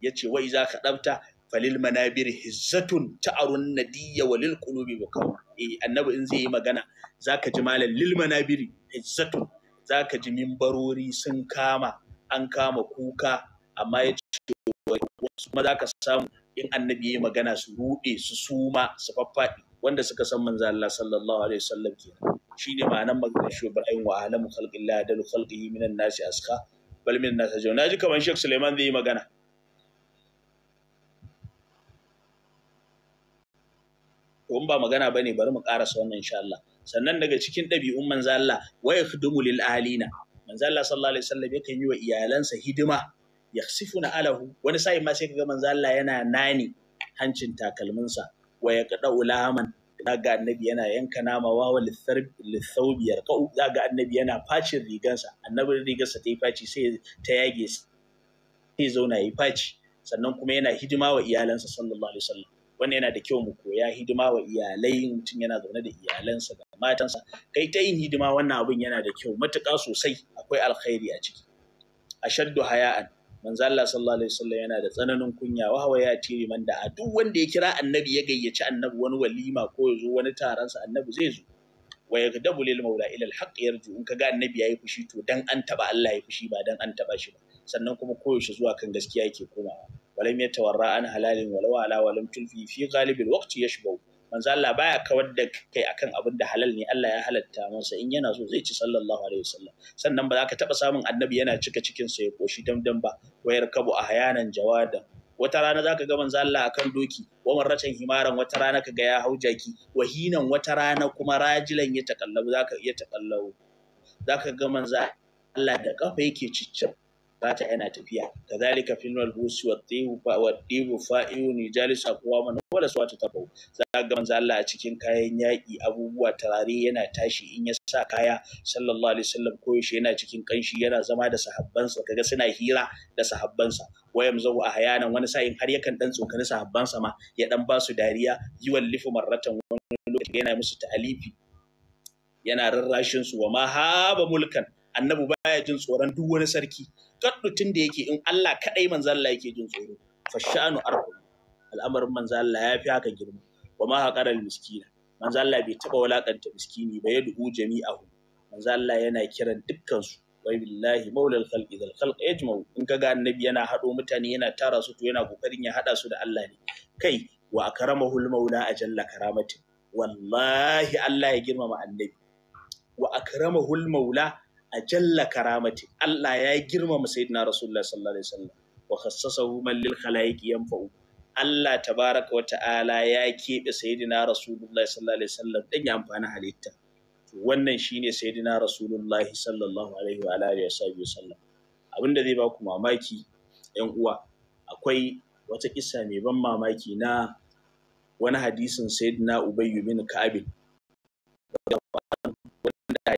ya ce wai za ka ɗabta falil manabir hizzatun ta'arun nadiyya wa lil qulubi bukaw eh annabi in zai yi magana zaka ji malam lil manabir hizzatun zaka ji mimbarori sun kama an kama kuka amma ya ce wasu ma zaka samu in annabi yayi magana su ruɗe su suma su faffaɗi wanda suka san manzo Allah sallallahu alaihi wasallam kenan shine ma'anar maganar shubar ayin wa alamu khalqillah dalu khalqihi minan nasi aska bal minan nasi Na ji kamar Sheikh Suleiman zai yi magana to ba magana bane bari mu karasa wannan insha Allah sannan daga cikin ɗabi'un manzo Allah wa yakhdumu lil ahlina manzo Allah sallallahu alaihi wasallam yakan yi wa iyalansa hidima yakhsifuna alahu wani sai ma sai kaga manzo Allah yana nani hancin takalminsa wa yaqda'u lahaman zaga annabi yana yanka nama wawa lithaubi yarqau zaga annabi yana facin rigansa annabin rigarsa ta yi faci sai ta yage sai zauna yi faci sannan kuma yana hidima wa iyalansa sallallahu alaihi wasallam wannan yana da kyau mu koya hidima wa iyalai mutum yana zaune da iyalansa da matansa kai ta yin hidima wannan abun yana da kyau matuƙa sosai akwai alkhairi a ciki ashaddu haya'an manzo Allah sallallahu alaihi wasallam yana da tsananin kunya wa hawaya ya tiri man da duk wanda ya kira annabi ya gayyaci annabi wani walima ko ya zo wani taron sa annabi zai zo wa yagdabu lil maula ila al haqq yarju in kaga annabi yayi fushi to dan an taba Allah ya fushi ba dan an taba shi ba sannan kuma koyaushe zuwa kan gaskiya yake komawa walam ya tawarra an halalin walau ala walam tulfi fi ghalibul waqti yashbau manzo Allah baya kawar da kai akan abin da halal ne Allah ya halatta masa in yana so zai ci sallallahu alaihi wasallam sannan ba za ka taba samun annabi yana cika cikin sa ya koshi damdam ba wayar kabu a hayanan jawada wata rana za ka ga manzo Allah akan doki wa marratan himaran wata rana ka ga ya hau jaki wahinan wata rana kuma rajilan ya takallabu za ka iya takallabu za ka ga manzo Allah da kafa yake ciccin fata yana tafiya fi fil malbus wa tibu fa wa tibu wala zaga manzo Allah a cikin kayan yaki abubuwa tarare yana tashi in ya sa kaya sallallahu alaihi wasallam ko yaushe yana cikin kanshi yana zama da sahabbansa kaga suna hira da sahabbansa wayan zau a hayanan wani sa'in har yakan dan tsokani sahabbansa ma ya dan basu su dariya yiwan lifu marratan wani lokaci yana musu ta'alifi yana rarrashin su wa ma haba mulkan annabi baya jin tsoron duk wani sarki tun da yake in Allah kadai manzo Allah yake jin tsoro Fashanu sha'anu al'amarin manzo Allah ya fi haka girma wa ma haqara miskina manzo Allah bai taba walakanta miskini ba yad'u jami'ahu manzo Allah yana kiran dukkan su wa billahi maulal khalq idal khalq yajma'u in kaga annabi yana hado mutane yana tara su to yana kokarin ya hada su da Allah ne kai wa akramahu maula ajalla karamatin wallahi Allah ya girmama annabi wa akramahu maula a jalla karamati Allah ya girmama saidina rasulullah sallallahu alaihi wasallam wa khassasahu man lil khalaiqi yanfa'u Allah tabaraka wata ala ya keɓe saidina rasulullah sallallahu alaihi wasallam dan ya amfani halitta wannan shine sayyidina rasulullah sallallahu alaihi wa alihi wasallam abinda zai ba ku mamaki yan uwa akwai wata kisa mai ban mamaki na wani hadisin sayyidina ubayyu bin ka'ab